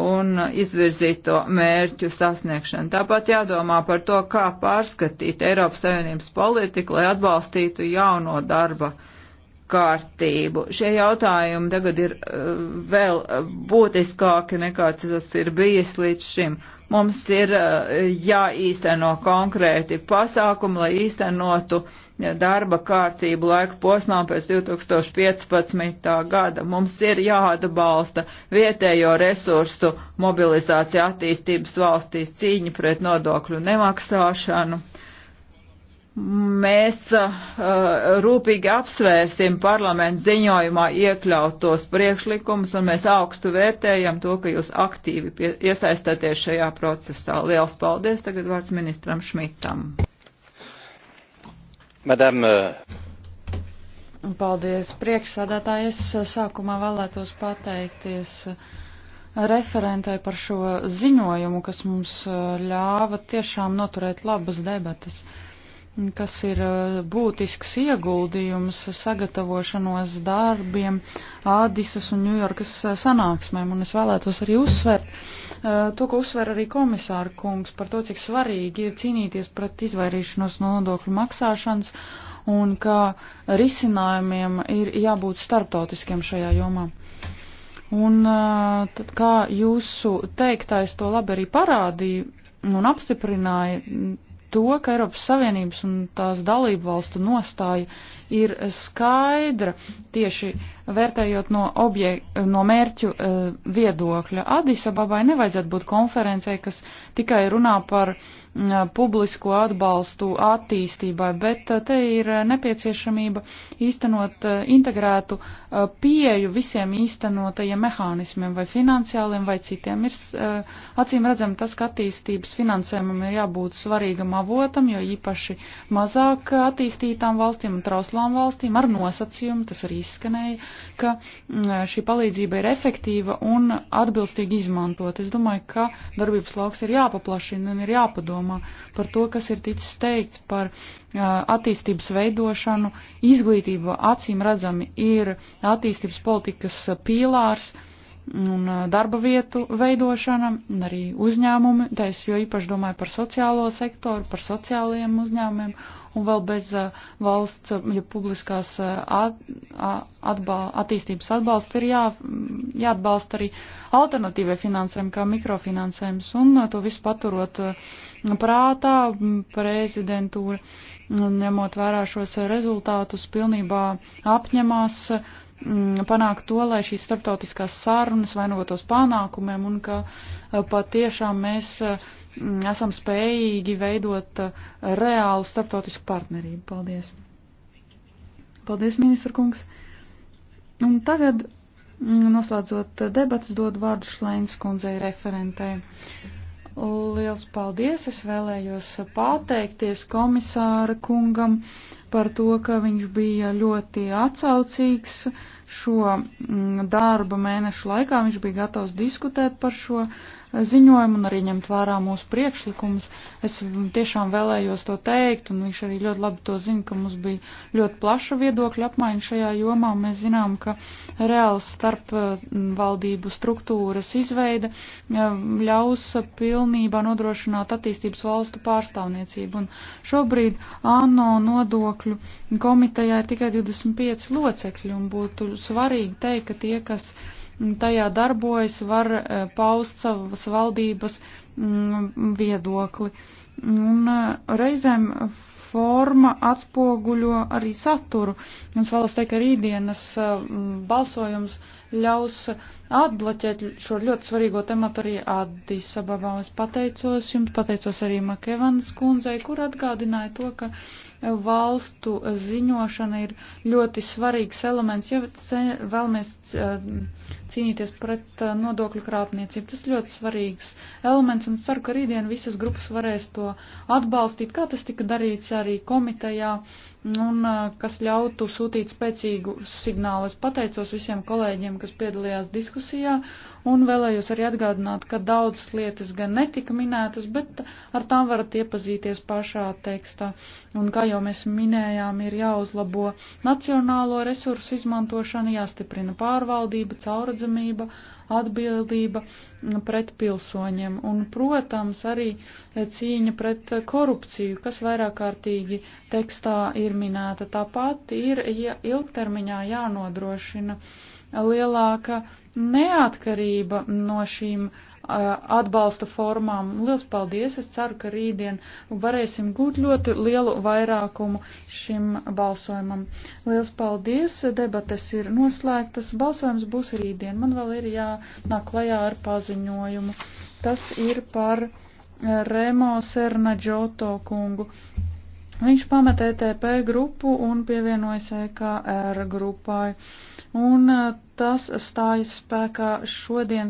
un izvirzīto mērķu sasniegšanu. Tāpat jādomā par to, kā pārskatīt Eiropas Savienības politiku, lai atbalstītu jauno darba uh, kārtību. Šie jautājumi tagad ir eh, vēl eh, būtiskāki nekā tas ir bijis līdz šim. Mums ir eh, jāīsteno konkrēti pasākumi, lai īstenotu darba kārtību laika posmām pēc 2015. gada. Mums ir jāatbalsta vietējo resursu mobilizācija attīstības valstīs cīņa pret nodokļu nemaksāšanu. Uh, mēs uh, rūpīgi apsvērsim parlamentu ziņojumā iekļautos priekšlikumus, un mēs augstu vērtējam to, ka jūs aktīvi pie, iesaistāties šajā procesā. Liels paldies! Tagad vārds ministram Šmitam. Madame. Uh, paldies, priekšsādātāji. Es uh, sākumā vēlētos pateikties uh, referentai par šo ziņojumu, kas mums ļāva tiešām noturēt labas debatas. Uh, kas ir eh, būtisks ieguldījums sagatavošanos darbiem Ādisas un Ņujorkas eh, sanāksmēm. Un es vēlētos arī uzsvērt eh, to, ko uzsver arī komisāra kungs par to, cik svarīgi ir cīnīties pret izvairīšanos no nodokļu maksāšanas un ka risinājumiem ir jābūt starptautiskiem šajā jomā. Un tad, kā jūsu teiktais to labi arī parādīja un apstiprināja, to, ka Eiropas Savienības un tās dalību valstu nostāja ir skaidra tieši vērtējot no, obje, no mērķu e, viedokļa. Adisababai nevajadzētu būt konferencei, kas tikai runā par publisko atbalstu attīstībai, bet e, te ir nepieciešamība īstenot e, integrētu pieju visiem īstenotajiem mehānismiem, vai finansiāliem, vai citiem. Ir acīm redzam tas, ka attīstības finansējumam ir jābūt svarīgam avotam, jo īpaši mazāk attīstītām valstīm un trauslām valstīm ar nosacījumu, tas arī izskanēja, ka mm, šī palīdzība ir efektīva un atbilstīgi izmantot. Es domāju, ka darbības lauks ir jāpaplašina un ir jāpadomā par to, kas ir ticis teikts par attīstības veidošanu. Izglītība acīm redzami ir attīstības politikas pīlārs un darba vietu veidošana, arī uzņēmumi, taisa, jo īpaši domāju par sociālo sektoru, par sociālajiem uzņēmumiem un vēl bez eh, valsts eh, ja publiskās eh, atbal, attīstības atbalsta ir jā, mm, jāatbalsta arī alternatīvie finansējumi, kā mikrofinansējums, un to visu paturot prātā mm, prezidentūra, mm, ņemot vērā šos rezultātus, pilnībā apņemās panākt to, lai šīs starptautiskās sarunas vainotos panākumiem un ka patiešām mēs esam spējīgi veidot eh, reālu starptautisku partnerību. Paldies! Paldies, ministra kungs! Un tagad, mm, noslēdzot debatas, dod vārdu Šlēns kundzei referentei. Liels paldies! Es vēlējos pateikties komisāra kungam par to, ka viņš bija ļoti atsaucīgs šo mm, darba mēnešu laikā. Viņš bija gatavs diskutēt par šo uh, ziņojumu un arī ņemt vērā mūsu priekšlikumus. Es tiešām vēlējos to teikt, un viņš arī ļoti labi to zina, ka mums bija ļoti plaša viedokļa apmaiņa šajā jomā. Mēs zinām, ka reāls starpvaldību eh, struktūras izveida eh, ļaus pilnībā nodrošināt attīstības valstu pārstāvniecību. Un šobrīd ANO nodokļu komitejā ir tikai 25 locekļi, un būtu svarīgi teikt, ka tie, kas uh, tajā darbojas, var e, paust savas valdības mm, viedokli. Un e, reizēm forma atspoguļo arī saturu. Un es vēlos teikt, ka rītdienas e, balsojums ļaus atbloķēt šo ļoti svarīgo tematu arī Adisababā. Es pateicos jums, pateicos arī Makevanas kundzei, kur atgādināja to, ka valstu ziņošana ir ļoti svarīgs elements, ja vēlamies e, cīnīties pret e, nodokļu krāpniecību. Tas ļoti svarīgs elements un ceru, ka rītdien visas grupas varēs to atbalstīt, kā tas tika darīts arī komitejā. Uh, un kas ļautu sūtīt spēcīgu signālu. Es pateicos visiem kolēģiem, kas piedalījās diskusijā, un vēlējos arī atgādināt, ka daudzas lietas gan netika minētas, bet ar tām varat iepazīties pašā tekstā. Un kā jau mēs minējām, ir jāuzlabo nacionālo resursu izmantošana, jāstiprina pārvaldība, cauradzamība atbildība pret pilsoņiem un, protams, arī cīņa pret korupciju, kas vairāk kārtīgi tekstā ir minēta. Tāpat ir ja ilgtermiņā jānodrošina lielāka neatkarība no šīm uh, atbalsta formām. Lielas paldies! Es ceru, ka rītdien varēsim gūt ļoti lielu vairākumu šim balsojumam. Lielas paldies! Debates ir noslēgtas. Balsojums būs rītdien. Man vēl ir jānāk klajā ar paziņojumu. Tas ir par Remo Sernaģoto kungu. Viņš pameta ETP grupu un pievienojas EKR grupai. Un tas stājas spēkā šodien